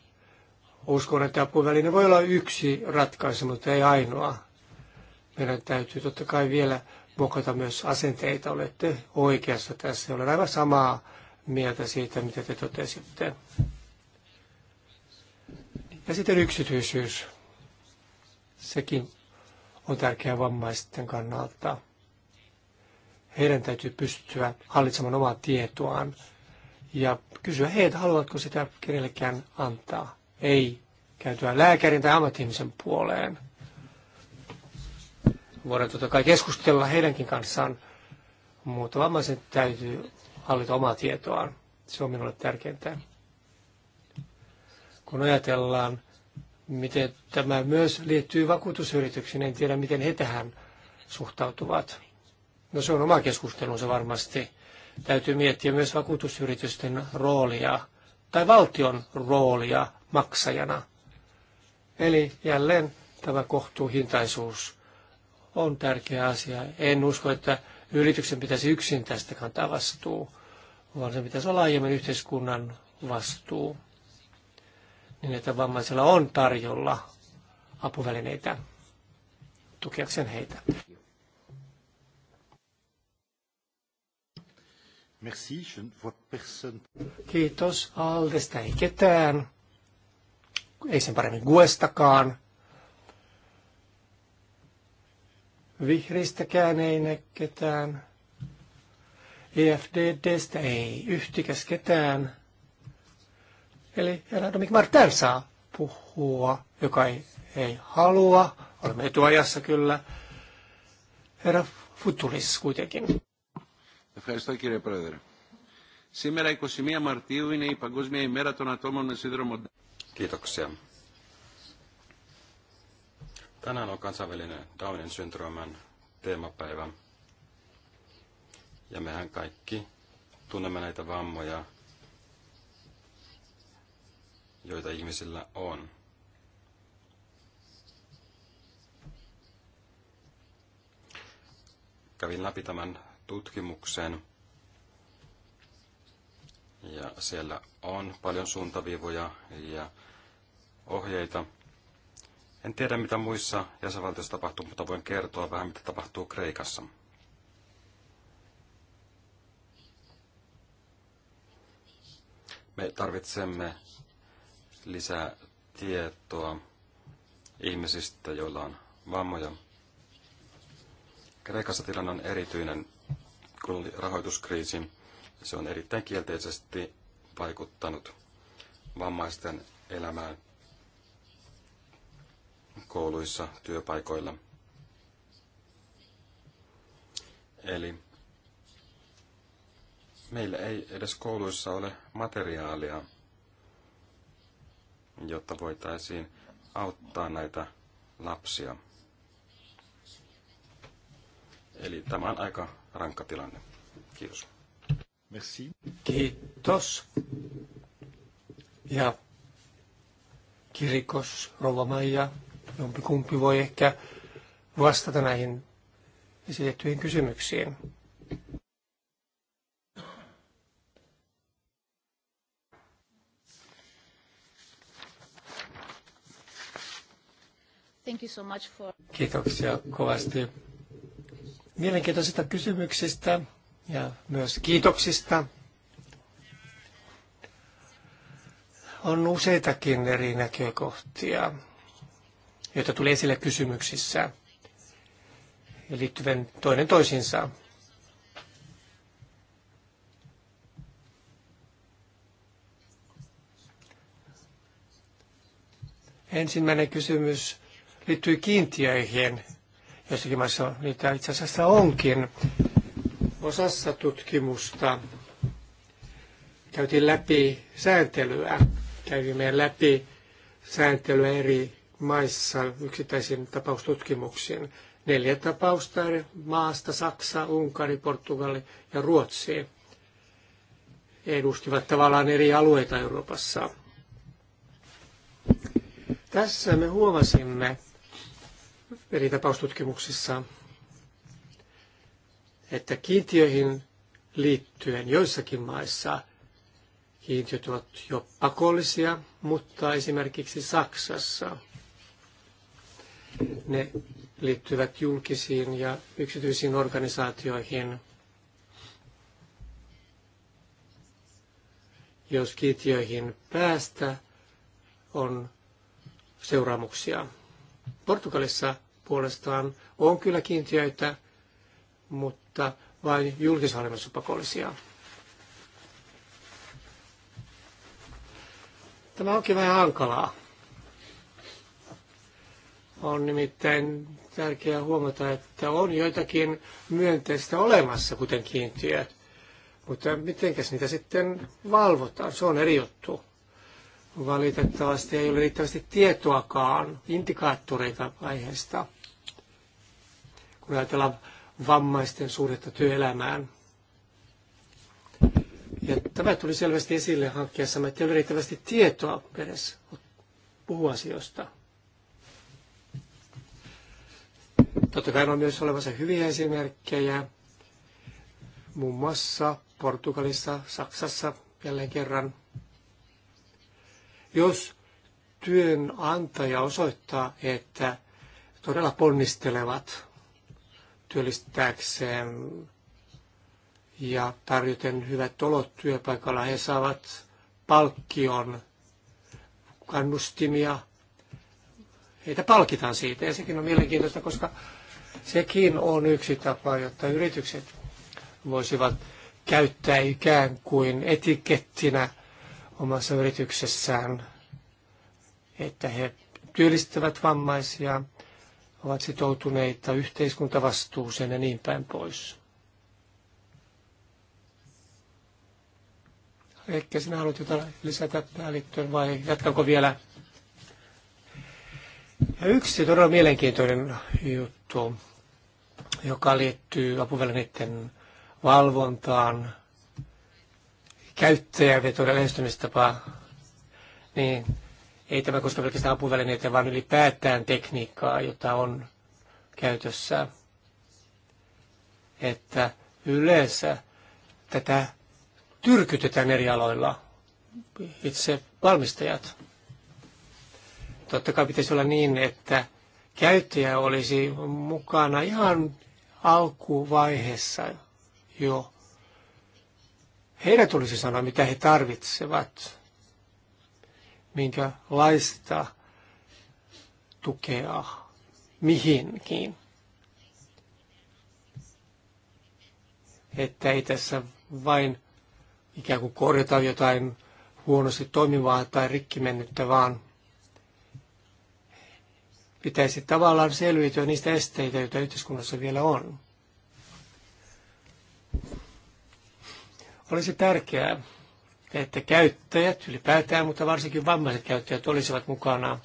B: Uskon, että apuväline voi olla yksi ratkaisu, mutta ei ainoa. Meidän täytyy totta kai vielä muokata myös asenteita. Olette oikeassa tässä. Olen aivan samaa mieltä siitä, mitä te totesitte. Ja sitten yksityisyys. Sekin on tärkeää vammaisten kannalta. Heidän täytyy pystyä hallitsemaan omaa tietoaan ja kysyä heitä, haluatko sitä kenellekään antaa. Ei käytyä lääkärin tai ammattiimisen puoleen. Voidaan totta kai keskustella heidänkin kanssaan, mutta vammaisen täytyy hallita omaa tietoaan. Se on minulle tärkeintä. Kun ajatellaan, miten tämä myös liittyy vakuutusyrityksiin, en tiedä miten he tähän suhtautuvat. No se on oma keskustelunsa varmasti Täytyy miettiä myös vakuutusyritysten roolia tai valtion roolia maksajana. Eli jälleen tämä kohtuuhintaisuus on tärkeä asia. En usko, että yrityksen pitäisi yksin tästä kantaa vastuu, vaan se pitäisi olla aiemmin yhteiskunnan vastuu, niin että vammaisilla on tarjolla apuvälineitä tukeakseen heitä.
A: Merci, je ne vois personne.
B: Kiitos. Aldesta ei ketään. Ei sen paremmin Guestakaan. Vihristäkään ei näe ketään. EFDDstä ei yhtikäs ketään. Eli herra Dominic Martin saa puhua, joka ei, ei halua. Olemme etuajassa kyllä. Herra Futulis kuitenkin.
A: Ευχαριστώ κύριε Πρόεδρε. Σήμερα 21 Μαρτίου είναι η Παγκόσμια ημέρα των ατόμων με σύνδρομο
C: Kiitoksia. Tänään on kansainvälinen Downin syndrooman teemapäivä. Ja mehän kaikki tunnemme näitä vammoja, joita ihmisillä on. Kävin läpi tämän tutkimuksen. Ja siellä on paljon suuntaviivoja ja ohjeita. En tiedä, mitä muissa jäsenvaltioissa tapahtuu, mutta voin kertoa vähän, mitä tapahtuu Kreikassa. Me tarvitsemme lisää tietoa ihmisistä, joilla on vammoja. Kreikassa tilanne on erityinen kun oli rahoituskriisi, se on erittäin kielteisesti vaikuttanut vammaisten elämään kouluissa, työpaikoilla. Eli meillä ei edes kouluissa ole materiaalia, jotta voitaisiin auttaa näitä lapsia. Eli tämä on aika rankka tilanne. Kiitos.
B: Merci. Kiitos. Ja Kirikos, Rova Maija, jompikumpi voi ehkä vastata näihin esitettyihin kysymyksiin.
C: Thank you so much for...
B: Kiitoksia kovasti mielenkiintoisista kysymyksistä ja myös kiitoksista. On useitakin eri näkökohtia, joita tuli esille kysymyksissä ja liittyvän toinen toisiinsa. Ensimmäinen kysymys liittyy kiintiöihin Jossakin maissa niitä itse asiassa onkin. Osassa tutkimusta käytiin läpi sääntelyä. Kävimme läpi sääntelyä eri maissa yksittäisiin tapaustutkimuksiin. Neljä tapausta eri maasta, Saksa, Unkari, Portugali ja Ruotsi, edustivat tavallaan eri alueita Euroopassa. Tässä me huomasimme, eri tapaustutkimuksissa, että kiintiöihin liittyen joissakin maissa kiintiöt ovat jo pakollisia, mutta esimerkiksi Saksassa ne liittyvät julkisiin ja yksityisiin organisaatioihin. Jos kiintiöihin päästä, on seuraamuksia. Portugalissa puolestaan on kyllä kiintiöitä, mutta vain julkishallinnossa pakollisia. Tämä onkin vähän hankalaa. On nimittäin tärkeää huomata, että on joitakin myönteistä olemassa, kuten kiintiöt. Mutta mitenkäs niitä sitten valvotaan? Se on eri juttu. Valitettavasti ei ole riittävästi tietoakaan, indikaattoreita aiheesta, kun ajatellaan vammaisten suhdetta työelämään. Ja tämä tuli selvästi esille hankkeessa, että ei ole riittävästi tietoa edes puhua asioista. Totta kai on myös olemassa hyviä esimerkkejä, muun muassa Portugalissa, Saksassa jälleen kerran. Jos työnantaja osoittaa, että todella ponnistelevat työllistääkseen ja tarjoten hyvät olot työpaikalla, he saavat palkkion kannustimia. Heitä palkitaan siitä ja sekin on mielenkiintoista, koska sekin on yksi tapa, jotta yritykset voisivat käyttää ikään kuin etikettinä – omassa yrityksessään, että he työllistävät vammaisia, ovat sitoutuneita yhteiskuntavastuuseen ja niin päin pois. Ehkä sinä haluat jotain lisätä tähän liittyen vai jatkanko vielä? Ja yksi todella mielenkiintoinen juttu, joka liittyy apuvälineiden valvontaan käyttäjävetoinen lähestymistapa, niin ei tämä koske pelkästään apuvälineitä, vaan ylipäätään tekniikkaa, jota on käytössä. Että yleensä tätä tyrkytetään eri aloilla itse valmistajat. Totta kai pitäisi olla niin, että käyttäjä olisi mukana ihan alkuvaiheessa jo heidän tulisi sanoa, mitä he tarvitsevat, minkälaista tukea mihinkin. Että ei tässä vain ikään kuin korjata jotain huonosti toimivaa tai rikki mennyttä, vaan pitäisi tavallaan selviytyä niistä esteitä, joita yhteiskunnassa vielä on. Olisi tärkeää, että käyttäjät ylipäätään, mutta varsinkin vammaiset käyttäjät olisivat mukana.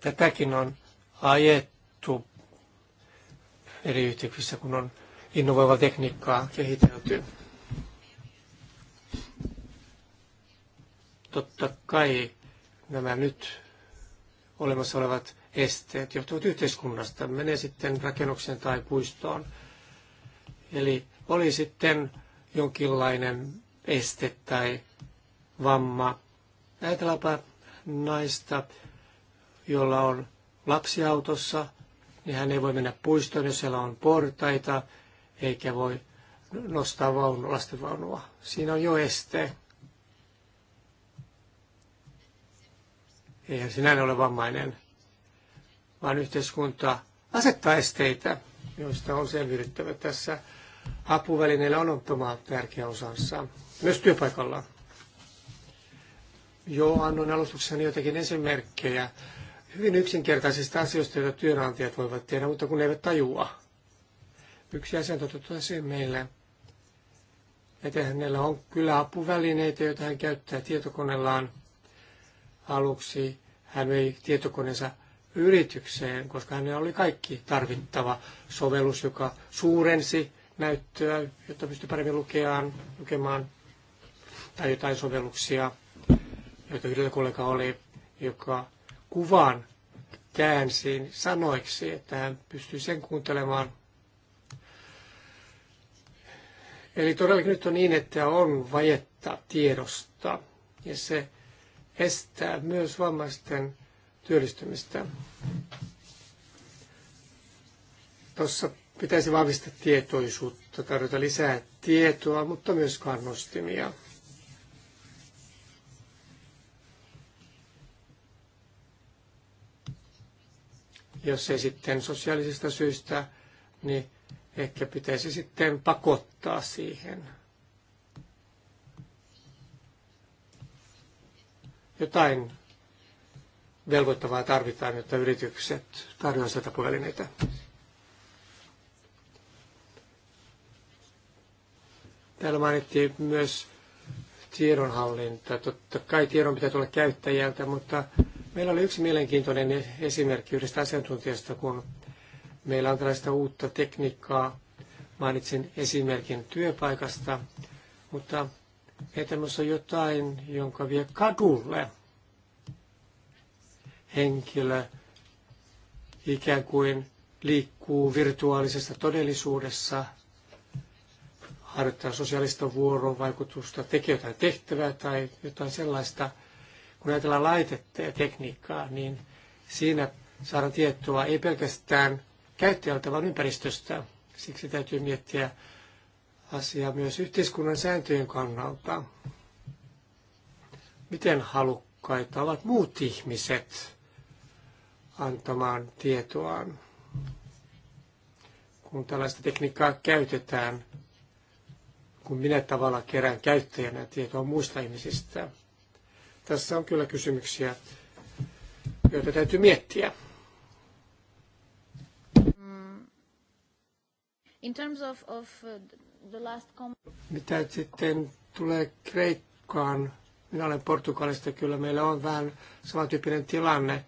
B: Tätäkin on ajettu eri yhteyksissä, kun on innovoiva tekniikkaa kehitelty. Totta kai nämä nyt olemassa olevat esteet johtuvat yhteiskunnasta. Menee sitten rakennuksen tai puistoon – Eli oli sitten jonkinlainen este tai vamma. Ajatellaanpa naista, jolla on lapsi autossa, niin hän ei voi mennä puistoon, jos siellä on portaita, eikä voi nostaa vaunu, lastenvaunua. Siinä on jo este. Eihän sinä ole vammainen, vaan yhteiskunta asettaa esteitä, joista on selviydyttävä tässä apuvälineillä on oma tärkeä osansa, myös työpaikalla. Joo, annoin alustuksessani jotakin esimerkkejä hyvin yksinkertaisista asioista, joita työnantajat voivat tehdä, mutta kun ne eivät tajua. Yksi asiantuntija totesi meille, että hänellä on kyllä apuvälineitä, joita hän käyttää tietokoneellaan aluksi. Hän vei tietokoneensa yritykseen, koska hänellä oli kaikki tarvittava sovellus, joka suurensi näyttöä, jotta pystyy paremmin lukemaan, lukemaan tai jotain sovelluksia, joita yhdellä kollega oli, joka kuvan käänsi sanoiksi, että hän pystyy sen kuuntelemaan. Eli todellakin nyt on niin, että on vajetta tiedosta ja se estää myös vammaisten työllistymistä. Tuossa Pitäisi vahvistaa tietoisuutta, tarjota lisää tietoa, mutta myös kannustimia. Jos ei sitten sosiaalisista syistä, niin ehkä pitäisi sitten pakottaa siihen. Jotain velvoittavaa tarvitaan, jotta yritykset tarjoavat sieltä puhelineita. Täällä mainittiin myös tiedonhallinta. Totta kai tiedon pitää tulla käyttäjältä, mutta meillä oli yksi mielenkiintoinen esimerkki yhdestä asiantuntijasta, kun meillä on tällaista uutta tekniikkaa. Mainitsin esimerkin työpaikasta, mutta on jotain, jonka vie kadulle henkilö ikään kuin liikkuu virtuaalisessa todellisuudessa – harjoittaa sosiaalista vuorovaikutusta, tekee jotain tehtävää tai jotain sellaista. Kun ajatellaan laitetta ja tekniikkaa, niin siinä saadaan tietoa ei pelkästään käyttäjältä, vaan ympäristöstä. Siksi täytyy miettiä asiaa myös yhteiskunnan sääntöjen kannalta. Miten halukkaita ovat muut ihmiset antamaan tietoaan? kun tällaista tekniikkaa käytetään kun minä tavalla kerään käyttäjänä tietoa muista ihmisistä. Tässä on kyllä kysymyksiä, joita täytyy miettiä.
C: Mm. In terms of, of uh, the last
B: Mitä sitten tulee Kreikkaan? Minä olen Portugalista, kyllä meillä on vähän samantyyppinen tilanne,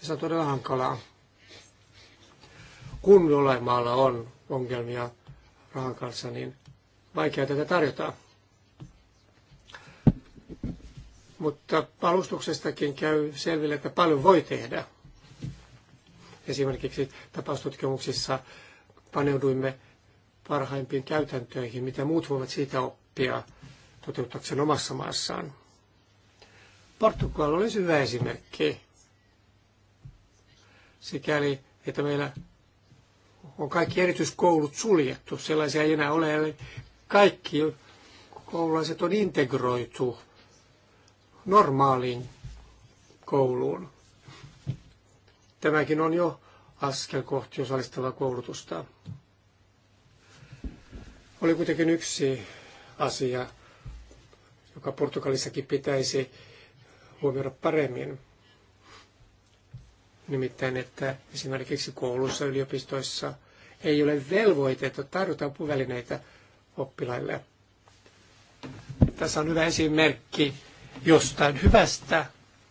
B: ja se on todella hankalaa. Kun jollain maalla on ongelmia rahan kanssa, niin vaikea tätä tarjota. Mutta alustuksestakin käy selville, että paljon voi tehdä. Esimerkiksi tapaustutkimuksissa paneuduimme parhaimpiin käytäntöihin, mitä muut voivat siitä oppia toteuttaakseen omassa maassaan. Portugal olisi hyvä esimerkki sikäli, että meillä on kaikki erityiskoulut suljettu. Sellaisia ei enää ole, eli kaikki koululaiset on integroitu normaaliin kouluun. Tämäkin on jo askel kohti osallistavaa koulutusta. Oli kuitenkin yksi asia, joka Portugalissakin pitäisi huomioida paremmin. Nimittäin, että esimerkiksi koulussa, yliopistoissa ei ole velvoitetta tarjota puhelineita oppilaille. Tässä on hyvä esimerkki jostain hyvästä,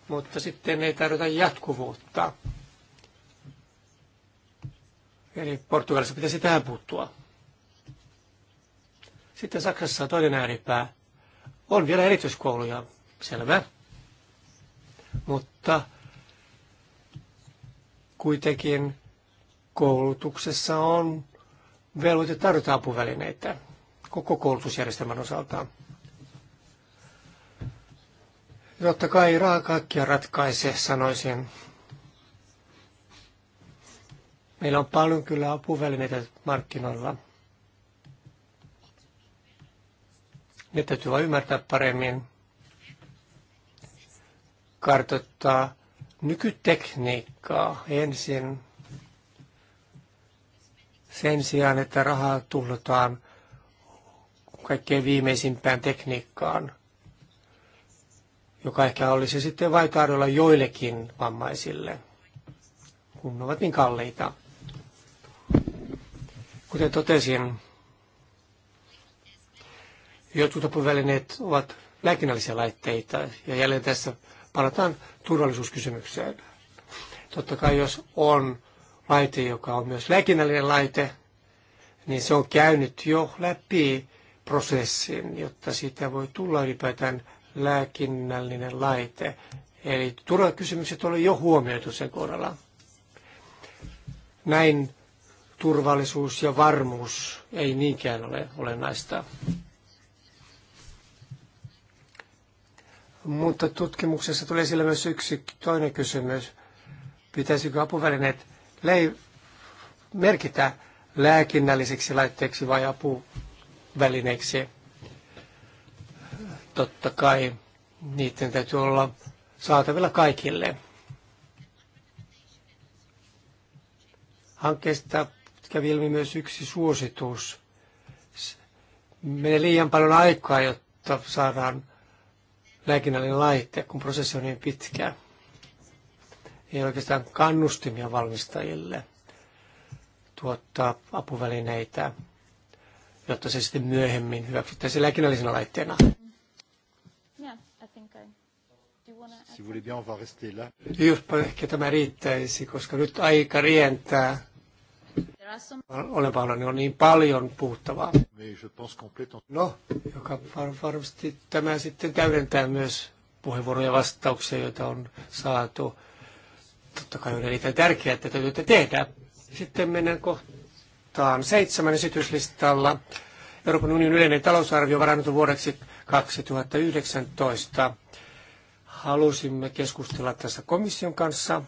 B: mutta sitten ei tarvita jatkuvuutta. Eli Portugalissa pitäisi tähän puuttua. Sitten Saksassa on toinen ääripää. On vielä erityiskouluja, selvä. Mutta kuitenkin koulutuksessa on velvoite tarjota apuvälineitä koko koulutusjärjestelmän osalta. Totta kai raha kaikkia ratkaise, sanoisin. Meillä on paljon kyllä apuvälineitä markkinoilla. Ne täytyy vain ymmärtää paremmin, kartoittaa nykytekniikkaa ensin sen sijaan, että rahaa tullutaan kaikkein viimeisimpään tekniikkaan, joka ehkä olisi sitten vaikea olla joillekin vammaisille, kun ne ovat niin kalliita. Kuten totesin, jotkut apuvälineet ovat lääkinnällisiä laitteita, ja jälleen tässä palataan turvallisuuskysymykseen. Totta kai jos on laite, joka on myös lääkinnällinen laite, niin se on käynyt jo läpi prosessin, jotta siitä voi tulla ylipäätään lääkinnällinen laite. Eli turvakysymykset oli jo huomioitu sen kohdalla. Näin turvallisuus ja varmuus ei niinkään ole olennaista. Mutta tutkimuksessa tulee esille myös yksi toinen kysymys. Pitäisikö apuvälineet merkitä lääkinnälliseksi laitteeksi vai apu välineeksi. Totta kai niiden täytyy olla saatavilla kaikille. Hankkeesta kävi ilmi myös yksi suositus. Menee liian paljon aikaa, jotta saadaan lääkinnällinen laite, kun prosessi on niin pitkä. Ei oikeastaan kannustimia valmistajille tuottaa apuvälineitä jotta se sitten myöhemmin hyväksyttäisiin lääkinnällisenä laitteena. Jos ehkä tämä riittäisi, koska nyt aika rientää.
C: Olen pahoillani,
B: on niin paljon puhuttavaa. No, joka varmasti tämä sitten täydentää myös puheenvuoroja vastauksia, joita on saatu. Totta kai on erittäin tärkeää, että tätä tehdään. Sitten mennään kohtaan kohtaan seitsemän esityslistalla. Euroopan unionin yleinen talousarvio varannut vuodeksi 2019. Halusimme keskustella tässä komission kanssa.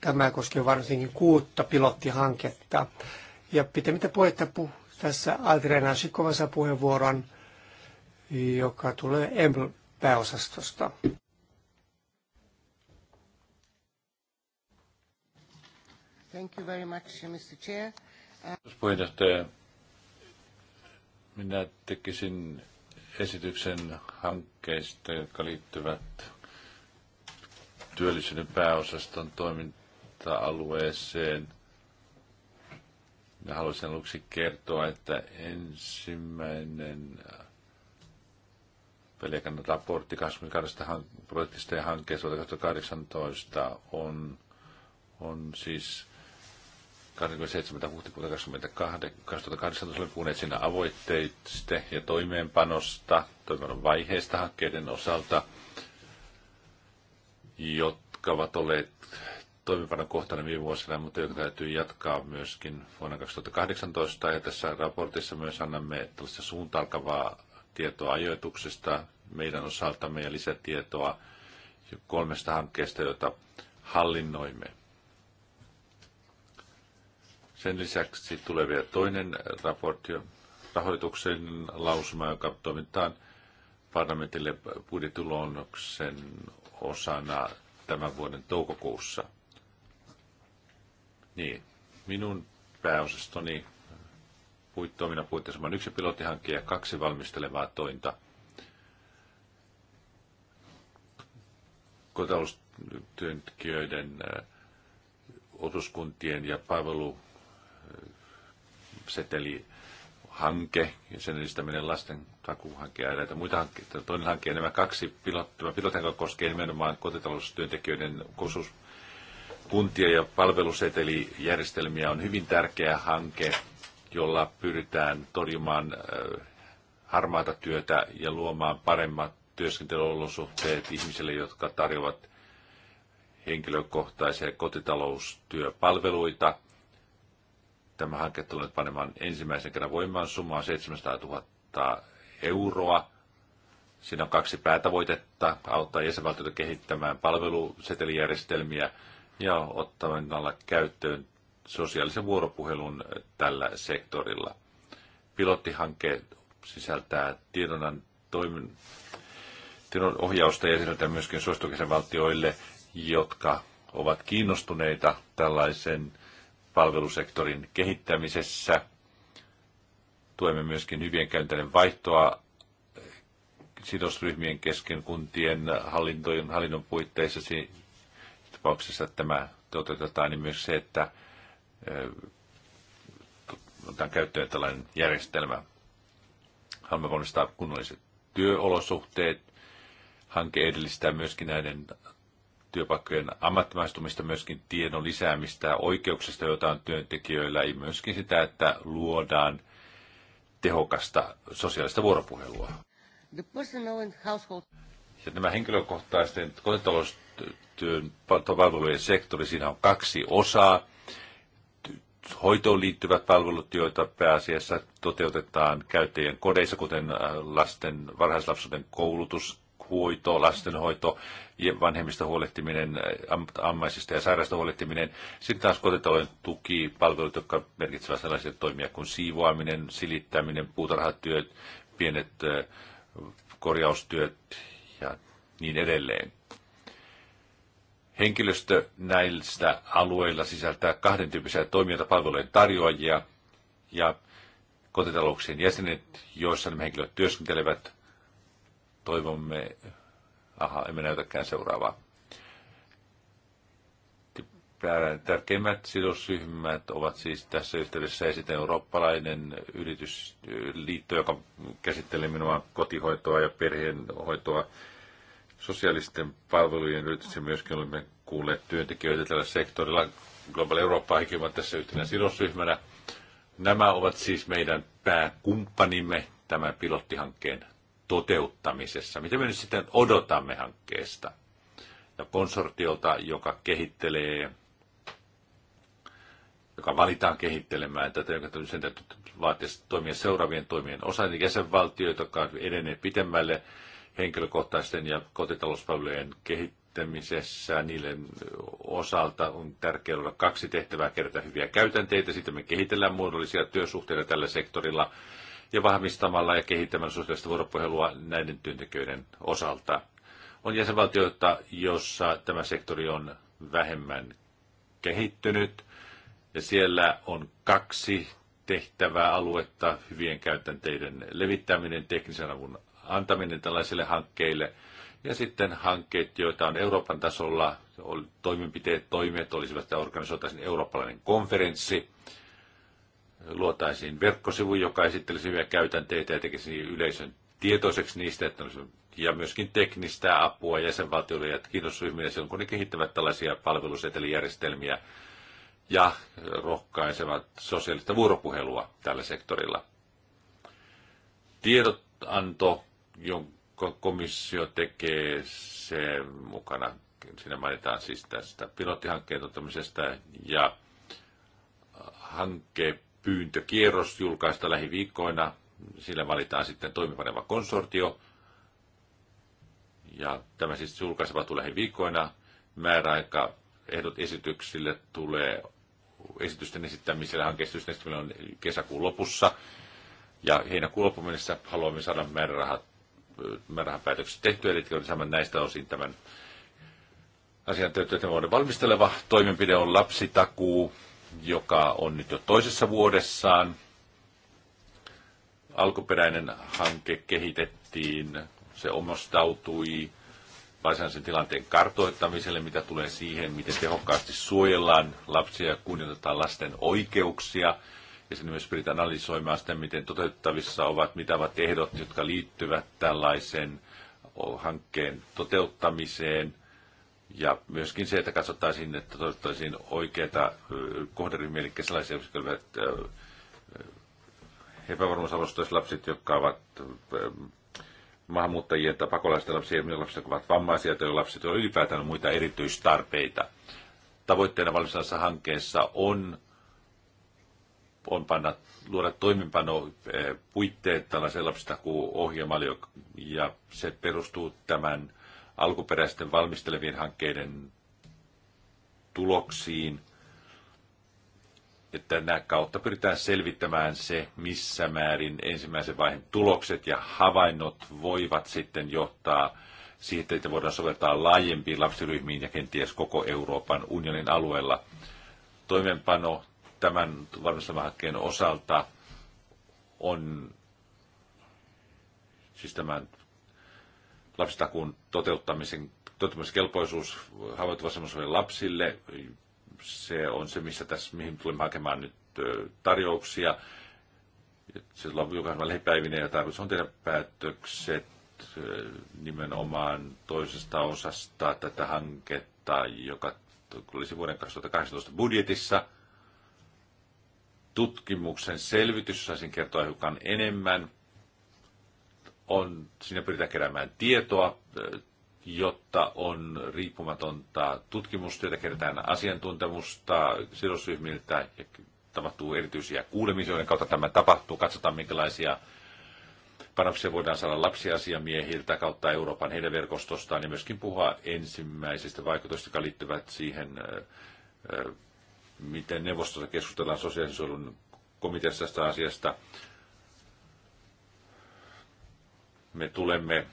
B: Tämä koskee varsinkin kuutta pilottihanketta. Ja pitemmittä puhetta puh- tässä Adriana Shikovansa puheenvuoron, joka tulee Embl-pääosastosta. Thank you very much, Mr. Chair.
A: puheenjohtaja. Minä tekisin esityksen hankkeista, jotka liittyvät työllisyyden pääosaston toiminta-alueeseen. Minä haluaisin aluksi kertoa, että ensimmäinen Peliakannan raportti 22 projektista ja hankkeesta 2018 on, on siis 27. huhtikuuta 2018 olen puhuneet siinä avoitteista ja toimeenpanosta, toimeenpanon vaiheista hankkeiden osalta, jotka ovat olleet toimeenpanon kohtana viime vuosina, mutta jotka täytyy jatkaa myöskin vuonna 2018. Ja tässä raportissa myös annamme tällaista suuntalkavaa tietoa ajoituksesta meidän osaltamme ja lisätietoa kolmesta hankkeesta, joita hallinnoimme. Sen lisäksi tulee vielä toinen raportti, rahoituksen lausuma, joka toimitaan parlamentille budjetiluonnoksen osana tämän vuoden toukokuussa. Niin, minun pääosastoni toiminnan puitteissa on yksi pilottihanke ja kaksi valmistelevaa tointa. Kotoustyöntekijöiden osuuskuntien ja palvelu seteli hanke ja sen edistäminen lasten takuuhanke ja näitä muita hankkeita. Toinen hanke ja nämä kaksi pilot, tämä pilothanke koskee nimenomaan kotitaloustyöntekijöiden kosuus kuntia ja palvelusetelijärjestelmiä on hyvin tärkeä hanke, jolla pyritään torjumaan äh, harmaata työtä ja luomaan paremmat työskentelyolosuhteet ihmisille, jotka tarjoavat henkilökohtaisia kotitaloustyöpalveluita tämä hanke tulee panemaan ensimmäisen kerran voimaan summaa 700 000 euroa. Siinä on kaksi päätavoitetta, auttaa jäsenvaltioita kehittämään palvelusetelijärjestelmiä ja ottamalla käyttöön sosiaalisen vuoropuhelun tällä sektorilla. Pilottihanke sisältää tiedonan toimin, tiedon ohjausta ja sisältää myöskin suosituksen valtioille, jotka ovat kiinnostuneita tällaisen palvelusektorin kehittämisessä. Tuemme myöskin hyvien käytäntöjen vaihtoa sidosryhmien kesken kuntien hallintojen, hallinnon puitteissa. Siinä tapauksessa tämä toteutetaan, niin myös se, että otetaan käyttöön tällainen järjestelmä. Haluamme kunnolliset työolosuhteet. Hanke edellistää myöskin näiden työpaikkojen ammattimaistumista, myöskin tiedon lisäämistä oikeuksista, joita on työntekijöillä, ja myöskin sitä, että luodaan tehokasta sosiaalista vuoropuhelua. Ja nämä henkilökohtaisten kotitaloustyön palvelujen sektori, siinä on kaksi osaa. Hoitoon liittyvät palvelut, joita pääasiassa toteutetaan käyttäjien kodeissa, kuten äh, lasten varhaislapsuuden koulutus, hoito, lastenhoito, vanhemmista huolehtiminen, ammaisista ja sairaista huolehtiminen. Sitten taas kotitalouden tuki, palvelut, jotka merkitsevät sellaisia toimia kuin siivoaminen, silittäminen, puutarhatyöt, pienet korjaustyöt ja niin edelleen. Henkilöstö näillä alueilla sisältää kahden tyyppisiä toimijoita palvelujen tarjoajia ja kotitalouksien jäsenet, joissa nämä henkilöt työskentelevät, toivomme, aha, emme näytäkään seuraavaa. Tärkeimmät sidosryhmät ovat siis tässä yhteydessä esite eurooppalainen yritysliitto, joka käsittelee minua kotihoitoa ja perheenhoitoa sosiaalisten palvelujen yrityksiä. Myöskin olemme kuulleet työntekijöitä tällä sektorilla. Global Eurooppa on tässä yhtenä sidosryhmänä. Nämä ovat siis meidän pääkumppanimme tämän pilottihankkeen toteuttamisessa. Mitä me nyt sitten odotamme hankkeesta ja konsortiolta, joka kehittelee, joka valitaan kehittelemään tätä, joka sen täytyy vaatia toimia seuraavien toimien osa, eli jäsenvaltioita, jotka edenee pitemmälle henkilökohtaisten ja kotitalouspalvelujen kehittämisessä. Niille osalta on tärkeää olla kaksi tehtävää, kerätä hyviä käytänteitä, sitten me kehitellään muodollisia työsuhteita tällä sektorilla, ja vahvistamalla ja kehittämällä sosiaalista vuoropuhelua näiden työntekijöiden osalta. On jäsenvaltioita, jossa tämä sektori on vähemmän kehittynyt ja siellä on kaksi tehtävää aluetta, hyvien käytänteiden levittäminen, teknisen avun antaminen tällaisille hankkeille ja sitten hankkeet, joita on Euroopan tasolla, toimenpiteet, toimet, olisivat että organisoitaisiin eurooppalainen konferenssi, luotaisiin verkkosivu, joka esittelisi hyviä käytänteitä ja tekisi yleisön tietoiseksi niistä, että on, ja myöskin teknistä apua jäsenvaltioille ja kiinnostusryhmille silloin, kun ne kehittävät tällaisia palvelusetelijärjestelmiä ja rohkaisevat sosiaalista vuoropuhelua tällä sektorilla. Tiedotanto, jonka komissio tekee se mukana, siinä mainitaan siis tästä pilottihankkeen ja hankkeen pyyntökierros julkaista lähiviikkoina. Sillä valitaan sitten toimivaneva konsortio. Ja tämä siis julkaiseva tulee lähiviikkoina. Määräaika ehdot esityksille tulee esitysten esittämisellä hankkeistysten esittämisellä on kesäkuun lopussa. Ja heinäkuun loppuun mennessä haluamme saada määrärahat, määrärahapäätökset tehtyä, eli saman näistä osin tämän asiantuntijoiden valmisteleva toimenpide on lapsitakuu, joka on nyt jo toisessa vuodessaan. Alkuperäinen hanke kehitettiin, se omostautui varsinaisen tilanteen kartoittamiselle, mitä tulee siihen, miten tehokkaasti suojellaan lapsia ja kunnioitetaan lasten oikeuksia. Ja sinne myös pyritään analysoimaan sitä, miten toteuttavissa ovat, mitä ovat ehdot, jotka liittyvät tällaisen hankkeen toteuttamiseen – ja myöskin se, että katsottaisiin, että toivottaisiin oikeita kohderyhmiä, eli sellaisia, jotka olivat epävarmuusalustoiset lapset, jotka ovat maahanmuuttajien tai pakolaisten lapsia, ja lapset ovat vammaisia, tai lapset, joilla ylipäätään muita erityistarpeita. Tavoitteena valmistavassa hankkeessa on, on panna, luoda toimipano puitteet tällaiselle ohjelmalle, ja se perustuu tämän alkuperäisten valmistelevien hankkeiden tuloksiin. Että nämä kautta pyritään selvittämään se, missä määrin ensimmäisen vaiheen tulokset ja havainnot voivat sitten johtaa siitä, että voidaan soveltaa laajempiin lapsiryhmiin ja kenties koko Euroopan unionin alueella. Toimenpano tämän valmistelmahankkeen osalta on, siis tämän lapsitakuun toteuttamisen toteuttamiskelpoisuus haavoittuvasemmaisille lapsille. Se on se, missä tässä, mihin tulemme hakemaan nyt tarjouksia. Se on jokaisella lähipäivinä ja tarkoitus on tehdä päätökset nimenomaan toisesta osasta tätä hanketta, joka olisi vuoden 2018 budjetissa. Tutkimuksen selvitys, saisin kertoa hiukan enemmän on, siinä pyritään keräämään tietoa, jotta on riippumatonta tutkimustyötä, kerätään asiantuntemusta sidosryhmiltä ja tapahtuu erityisiä kuulemisia, joiden kautta tämä tapahtuu. Katsotaan, minkälaisia panoksia voidaan saada lapsiasiamiehiltä kautta Euroopan heidän verkostostaan ja myöskin puhua ensimmäisistä vaikutuksista, jotka liittyvät siihen, miten neuvostossa keskustellaan sosiaalisuuden komiteassa tästä asiasta me tulemme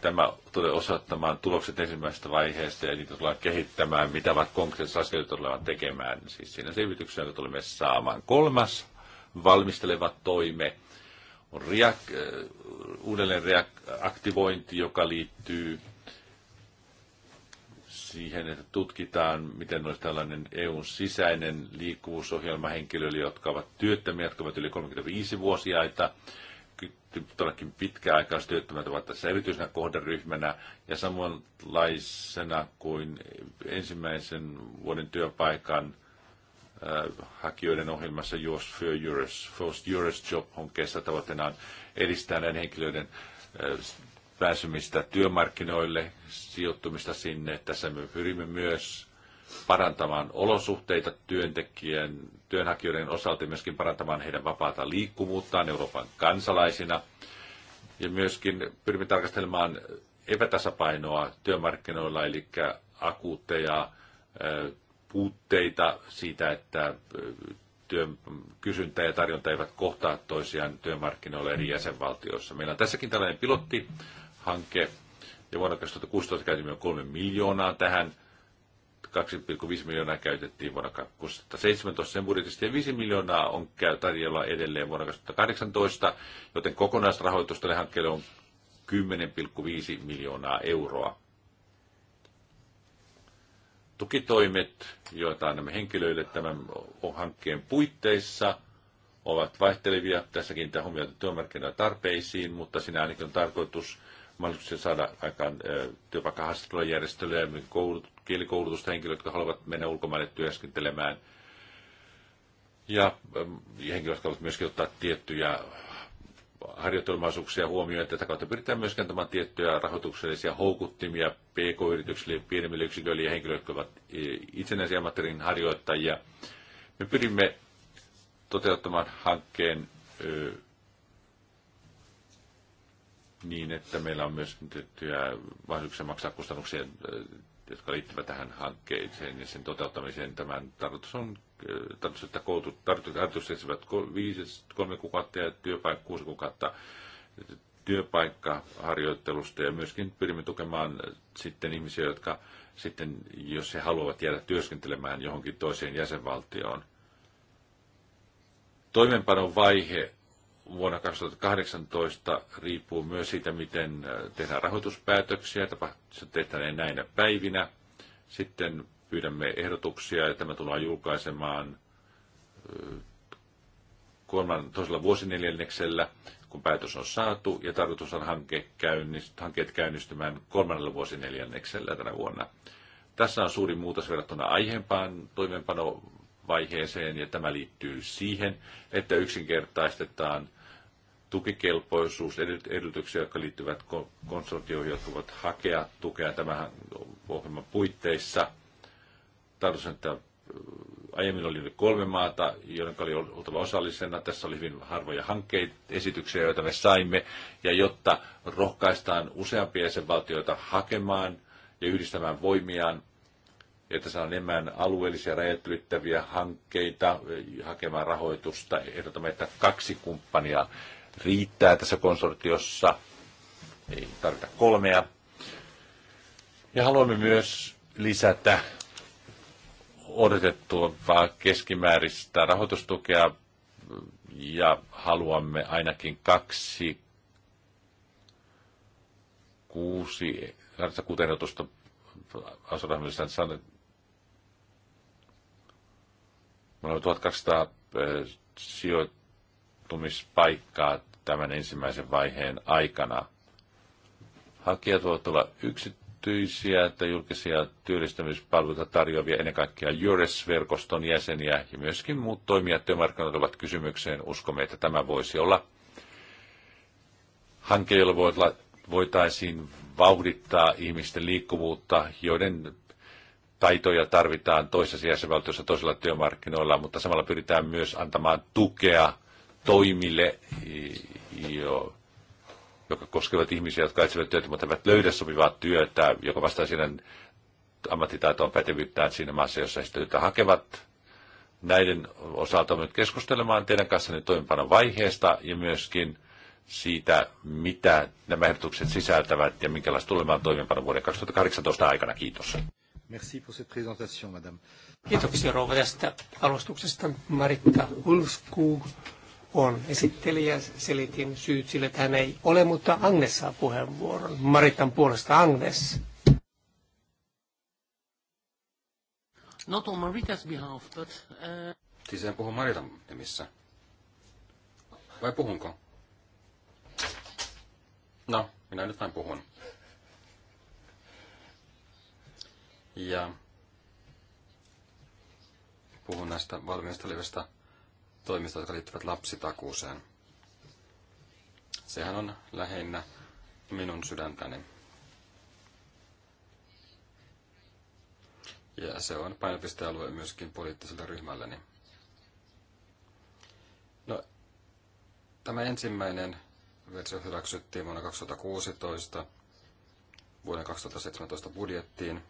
A: Tämä tulee osoittamaan tulokset ensimmäisestä vaiheesta ja niitä tullaan kehittämään, mitä ovat konkreettiset asioita tulevat tekemään. Siis siinä selvityksessä, jota tulemme saamaan. Kolmas valmisteleva toime on reak- äh, uudelleen reaktivointi, joka liittyy siihen, että tutkitaan, miten olisi tällainen EUn sisäinen liikkuvuusohjelma henkilöille, jotka ovat työttömiä, jotka ovat yli 35-vuotiaita. Todellakin pitkäaikaiset työttömät ovat tässä erityisenä kohderyhmänä ja samanlaisena kuin ensimmäisen vuoden työpaikan äh, hakijoiden ohjelmassa Yours for Yours, First Yours Job on tavoitteena edistää näiden henkilöiden äh, pääsemistä työmarkkinoille, sijoittumista sinne. Tässä me pyrimme myös parantamaan olosuhteita työntekijän, työnhakijoiden osalta ja myöskin parantamaan heidän vapaata liikkuvuuttaan Euroopan kansalaisina. Ja myöskin pyrimme tarkastelemaan epätasapainoa työmarkkinoilla, eli akuutteja puutteita siitä, että työn kysyntä ja tarjonta eivät kohtaa toisiaan työmarkkinoilla eri jäsenvaltioissa. Meillä on tässäkin tällainen pilotti hanke. Ja vuonna 2016 käytimme jo 3 miljoonaa tähän. 2,5 miljoonaa käytettiin vuonna 2017 sen budjetista ja 5 miljoonaa on tarjolla edelleen vuonna 2018, joten kokonaisrahoitus tälle hankkeelle on 10,5 miljoonaa euroa. Tukitoimet, joita annamme henkilöille tämän hankkeen puitteissa, ovat vaihtelevia. Tässäkin tämä huomiota työmarkkinoiden tarpeisiin, mutta siinä ainakin on tarkoitus mahdollisuuksia saada aikaan työpaikkahaastattelua järjestelyä, kielikoulutusta henkilöitä, jotka haluavat mennä ulkomaille työskentelemään. Ja henkilöt, jotka haluavat myöskin ottaa tiettyjä harjoittelumaisuuksia huomioon. Tätä kautta pyritään myöskin antamaan tiettyjä rahoituksellisia houkuttimia PK-yrityksille, pienemmille yksiköille ja henkilöille, jotka ovat itsenäisiä ammattirin harjoittajia. Me pyrimme toteuttamaan hankkeen niin, että meillä on myös tiettyjä mahdollisuuksia maksaa kustannuksia, äh, jotka liittyvät tähän hankkeeseen ja sen toteuttamiseen. Tämän tarkoitus on äh, tarkoitus, että koulutut, tarkoitus etsivät kolme kuukautta ja työpaikka kuusi kuukautta työpaikkaharjoittelusta ja myöskin pyrimme tukemaan äh, sitten ihmisiä, jotka sitten, jos he haluavat jäädä työskentelemään johonkin toiseen jäsenvaltioon. Toimenpanon vaihe vuonna 2018 riippuu myös siitä, miten äh, tehdään rahoituspäätöksiä. Se tehdään näinä päivinä. Sitten pyydämme ehdotuksia ja tämä tullaan julkaisemaan äh, kolman, toisella vuosineljänneksellä, kun päätös on saatu, ja tarkoitus on hanke käynnist, hankkeet käynnistymään kolmannella vuosineljänneksellä tänä vuonna. Tässä on suuri muutos verrattuna aiempaan toimeenpanovaiheeseen, ja tämä liittyy siihen, että yksinkertaistetaan edellytyksiä, jotka liittyvät konsortioihin, jotka voivat hakea tukea tämän ohjelman puitteissa. Tarkoitus, että äh, aiemmin oli yli kolme maata, joiden oli oltava osallisena. Tässä oli hyvin harvoja hankkeita, esityksiä, joita me saimme. Ja jotta rohkaistaan useampia jäsenvaltioita hakemaan ja yhdistämään voimiaan, että saadaan enemmän alueellisia rajat ylittäviä hankkeita äh, hakemaan rahoitusta. Ehdotamme, että kaksi kumppania riittää tässä konsortiossa. Ei tarvita kolmea. Ja haluamme myös lisätä odotettua keskimääristä rahoitustukea ja haluamme ainakin kaksi kuusi, kuuteen otosta asunnollisen on 1200 sijoittumispaikkaa tämän ensimmäisen vaiheen aikana. Hakijat voivat olla yksityisiä tai julkisia työllistämispalveluita tarjoavia ennen kaikkea Jures-verkoston jäseniä ja myöskin muut toimijat työmarkkinoilla ovat kysymykseen. Uskomme, että tämä voisi olla hanke, jolla voitaisiin vauhdittaa ihmisten liikkuvuutta, joiden taitoja tarvitaan toisessa jäsenvaltiossa toisella työmarkkinoilla, mutta samalla pyritään myös antamaan tukea toimille, jo, joka koskevat ihmisiä, jotka etsivät työtä, mutta eivät löydä sopivaa työtä, joka vastaa siihen ammattitaitoon pätevyyttään siinä maassa, jossa he työtä hakevat. Näiden osalta nyt keskustelemaan teidän kanssanne toimipanon vaiheesta ja myöskin siitä, mitä nämä ehdotukset sisältävät ja minkälaista tulemaan toimeenpano vuoden 2018 aikana. Kiitos.
B: Merci pour cette présentation, madame. Kiitoksia rouva tästä alustuksesta. Maritta Ulskuu on. Esittelijä selitin syyt sille, että hän ei ole, mutta Agnes saa puheenvuoron. Maritan puolesta Agnes. Not on Marita's behalf, but... Uh... Siis en puhu Maritan
C: nimissä. Vai puhunko? No, minä nyt vain puhun. Ja puhun näistä valmiista livestä toimista, jotka liittyvät lapsitakuuseen. Sehän on lähinnä minun sydäntäni. Ja se on painopistealue myöskin poliittiselle ryhmälleni. No, tämä ensimmäinen versio hyväksyttiin vuonna 2016 vuoden 2017 budjettiin.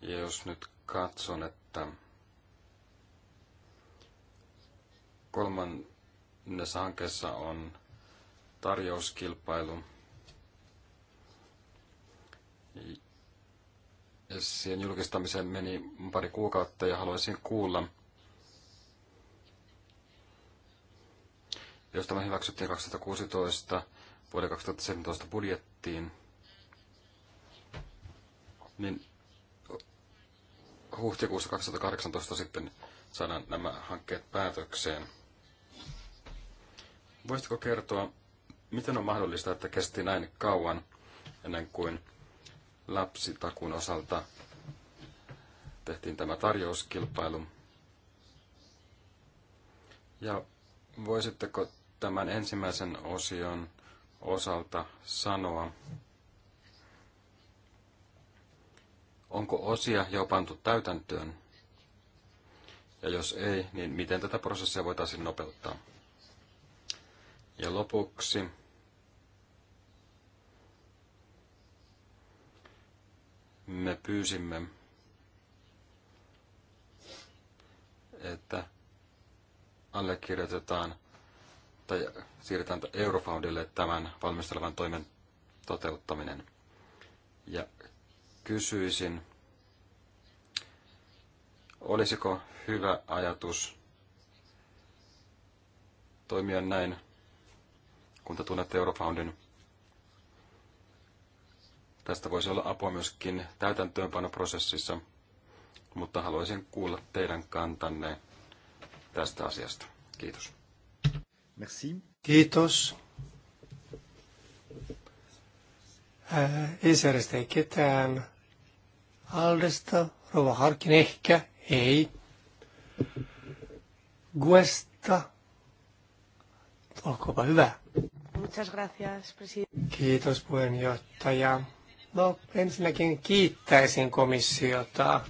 C: Ja jos nyt katson, että kolmannessa hankkeessa on tarjouskilpailu. Ja siihen julkistamiseen meni pari kuukautta ja haluaisin kuulla, jos tämä hyväksyttiin 2016 vuoden 2017 budjettiin, niin huhtikuussa 2018 sitten saadaan nämä hankkeet päätökseen. Voisitko kertoa, miten on mahdollista, että kesti näin kauan ennen kuin lapsitakun osalta tehtiin tämä tarjouskilpailu? Ja voisitteko tämän ensimmäisen osion osalta sanoa, onko osia jo pantu täytäntöön? Ja jos ei, niin miten tätä prosessia voitaisiin nopeuttaa? Ja lopuksi me pyysimme, että allekirjoitetaan tai siirretään Eurofoundille tämän valmistelevan toimen toteuttaminen. Ja kysyisin, olisiko hyvä ajatus toimia näin, kun te tunnette Eurofoundin. Tästä voisi olla apua myöskin täytäntöönpanoprosessissa, mutta haluaisin kuulla teidän kantanne tästä
B: asiasta. Kiitos. Merci. Kiitos. Äh, Ei järjestä ketään Aldesta, Rova Harkin ehkä, ei. Guesta, olkoopa hyvä.
A: Muchas gracias,
B: presidente. Kiitos puheenjohtaja. No ensinnäkin kiittäisin komissiota,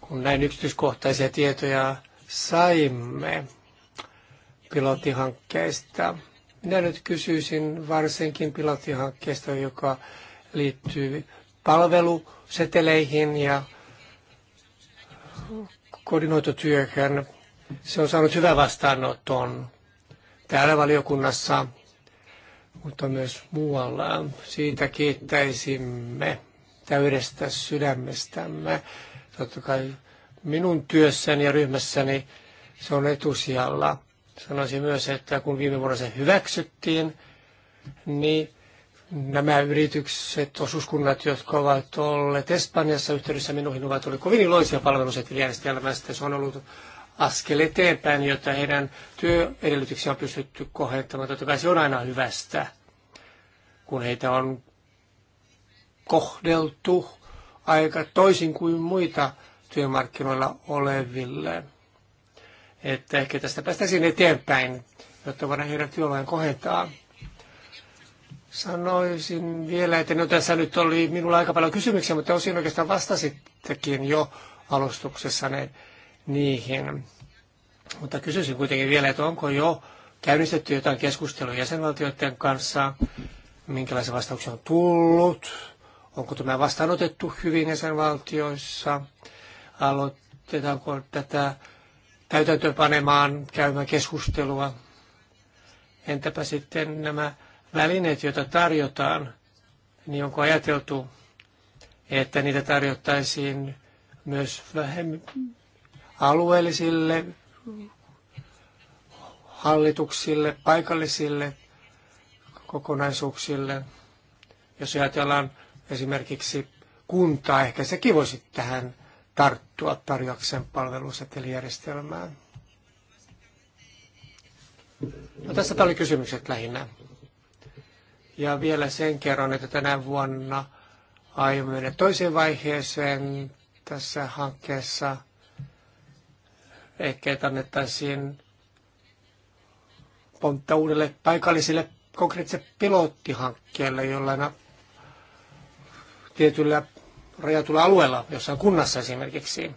B: kun näin yksityiskohtaisia tietoja saimme pilottihankkeista. Minä nyt kysyisin varsinkin pilottihankkeesta, joka liittyy palveluseteleihin ja koordinoitotyöhön. Se on saanut hyvän vastaanoton täällä valiokunnassa, mutta myös muualla. Siitä kiittäisimme täydestä sydämestämme. Totta kai minun työssäni ja ryhmässäni se on etusijalla. Sanoisin myös, että kun viime vuonna se hyväksyttiin, niin nämä yritykset, osuuskunnat, jotka ovat olleet Espanjassa yhteydessä minuihin, ovat olleet kovin iloisia palvelusetelijärjestelmästä. Se on ollut askel eteenpäin, jotta heidän työedellytyksiä on pystytty kohentamaan. Totta kai se on aina hyvästä, kun heitä on kohdeltu aika toisin kuin muita työmarkkinoilla oleville. Että ehkä tästä päästäisiin eteenpäin, jotta voidaan heidän työlain kohentaa. Sanoisin vielä, että no tässä nyt oli minulla aika paljon kysymyksiä, mutta osin oikeastaan vastasittekin jo ne, niihin. Mutta kysyisin kuitenkin vielä, että onko jo käynnistetty jotain keskustelua jäsenvaltioiden kanssa, minkälaisia vastauksia on tullut, onko tämä vastaanotettu hyvin jäsenvaltioissa, aloitetaanko tätä täytäntöönpanemaan käymään keskustelua. Entäpä sitten nämä välineet, joita tarjotaan, niin onko ajateltu, että niitä tarjottaisiin myös vähemmän alueellisille hallituksille, paikallisille kokonaisuuksille. Jos ajatellaan esimerkiksi kuntaa, ehkä sekin voisi tähän tarttua tarjoakseen palvelusetelijärjestelmään. No, tässä oli kysymykset lähinnä. Ja vielä sen kerron, että tänä vuonna aiomme mennä toiseen vaiheeseen tässä hankkeessa. Ehkä annettaisiin pontta uudelle paikallisille konkreettiselle pilottihankkeelle jollain tietyllä rajatulla alueella, jossain kunnassa esimerkiksi.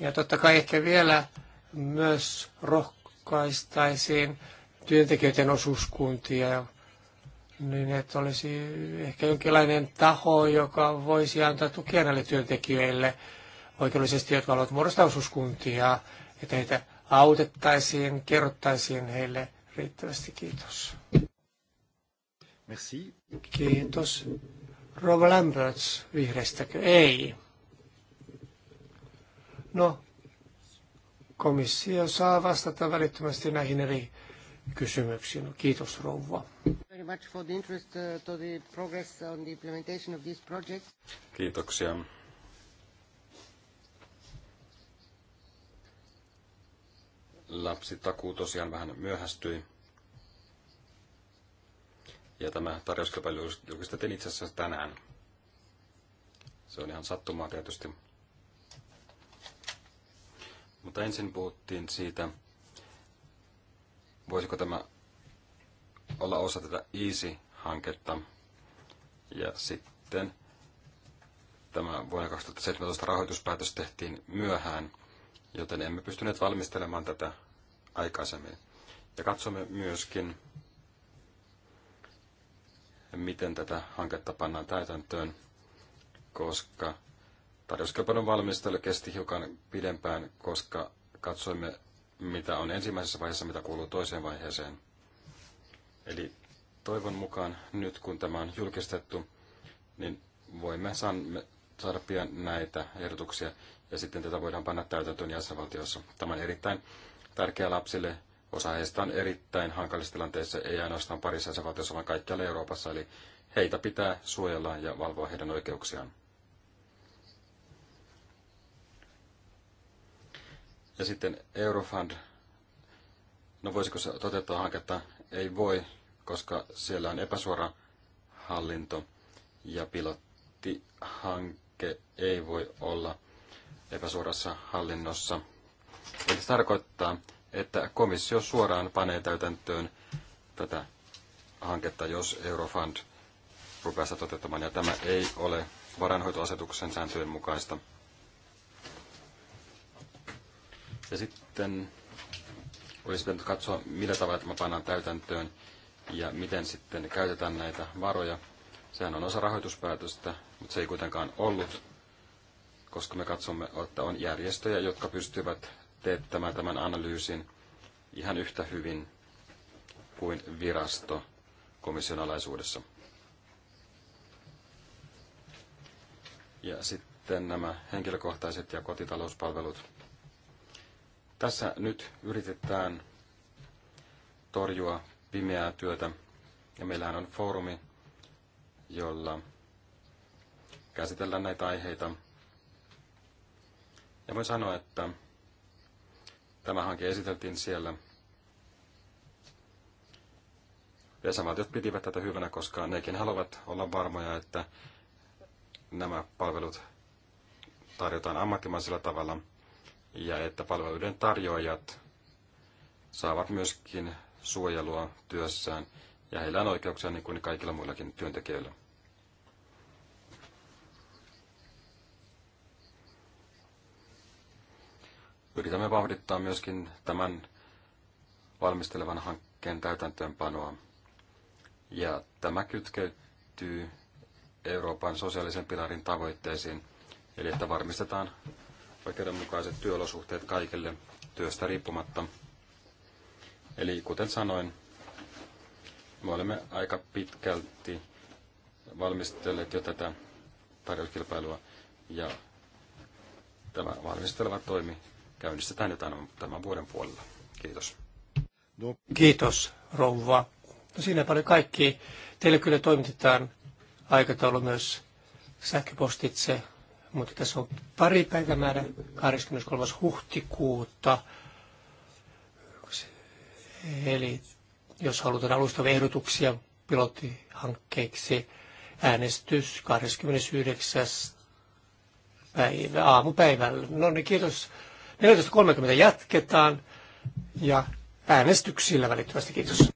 B: Ja totta kai ehkä vielä myös rohkaistaisiin työntekijöiden osuuskuntia, niin että olisi ehkä jonkinlainen taho, joka voisi antaa tukea näille työntekijöille oikeudellisesti, jotka haluavat muodostaa osuuskuntia, että heitä autettaisiin, kerrottaisiin heille riittävästi. Kiitos. Merci. Kiitos. Rob Lamberts vihreistäkö? Ei. No, komissio saa vastata välittömästi näihin eri kysymyksiin. No, kiitos rouva.
C: Kiitoksia. Lapsitakuu tosiaan vähän myöhästyi. Ja tämä tarjouskilpailu julkistettiin itse asiassa tänään. Se on ihan sattumaa tietysti. Mutta ensin puhuttiin siitä, voisiko tämä olla osa tätä Easy-hanketta. Ja sitten tämä vuonna 2017 rahoituspäätös tehtiin myöhään, joten emme pystyneet valmistelemaan tätä aikaisemmin. Ja katsomme myöskin, miten tätä hanketta pannaan täytäntöön, koska tarjouskilpailun valmistelu kesti hiukan pidempään, koska katsoimme mitä on ensimmäisessä vaiheessa, mitä kuuluu toiseen vaiheeseen. Eli toivon mukaan nyt, kun tämä on julkistettu, niin voimme saada pian näitä ehdotuksia ja sitten tätä voidaan panna täytäntöön jäsenvaltiossa. Tämä on erittäin tärkeä lapsille. Osa heistä on erittäin hankalissa tilanteissa, ei ainoastaan parissa jäsenvaltiossa, vaan kaikkialla Euroopassa. Eli heitä pitää suojella ja valvoa heidän oikeuksiaan. Ja sitten Eurofund, no voisiko se toteuttaa hanketta? Ei voi, koska siellä on epäsuora hallinto ja pilottihanke ei voi olla epäsuorassa hallinnossa. Eli se tarkoittaa, että komissio suoraan panee täytäntöön tätä hanketta, jos Eurofund rupeaa sitä toteuttamaan, ja tämä ei ole varainhoitoasetuksen sääntöjen mukaista. Ja sitten olisi pitänyt katsoa, millä tavalla tämä pannaan täytäntöön ja miten sitten käytetään näitä varoja. Sehän on osa rahoituspäätöstä, mutta se ei kuitenkaan ollut, koska me katsomme, että on järjestöjä, jotka pystyvät teettämään tämän analyysin ihan yhtä hyvin kuin virasto komission alaisuudessa. Ja sitten nämä henkilökohtaiset ja kotitalouspalvelut – tässä nyt yritetään torjua pimeää työtä ja meillähän on foorumi, jolla käsitellään näitä aiheita. Ja voin sanoa, että tämä hanke esiteltiin siellä. Jäsenvaltiot pitivät tätä hyvänä, koska nekin haluavat olla varmoja, että nämä palvelut tarjotaan ammattimaisella tavalla – ja että palveluiden tarjoajat saavat myöskin suojelua työssään ja heillä on oikeuksia niin kuin kaikilla muillakin työntekijöillä. Yritämme vauhdittaa myöskin tämän valmistelevan hankkeen täytäntöönpanoa. Ja tämä kytkeytyy Euroopan sosiaalisen pilarin tavoitteisiin, eli että varmistetaan oikeudenmukaiset työolosuhteet kaikille työstä riippumatta. Eli kuten sanoin, me olemme aika pitkälti valmistelleet jo tätä tarjouskilpailua ja tämä valmisteleva toimi käynnistetään jo tämän vuoden puolella. Kiitos.
B: No. Kiitos, rouva. No siinä paljon kaikki. Teille kyllä toimitetaan aikataulu myös sähköpostitse mutta tässä on pari päivämäärä 23. huhtikuuta. Eli jos halutaan alustavia ehdotuksia pilottihankkeeksi, äänestys 29. päivä, aamupäivällä. No niin, kiitos. 14.30 jatketaan ja äänestyksillä välittömästi. Kiitos.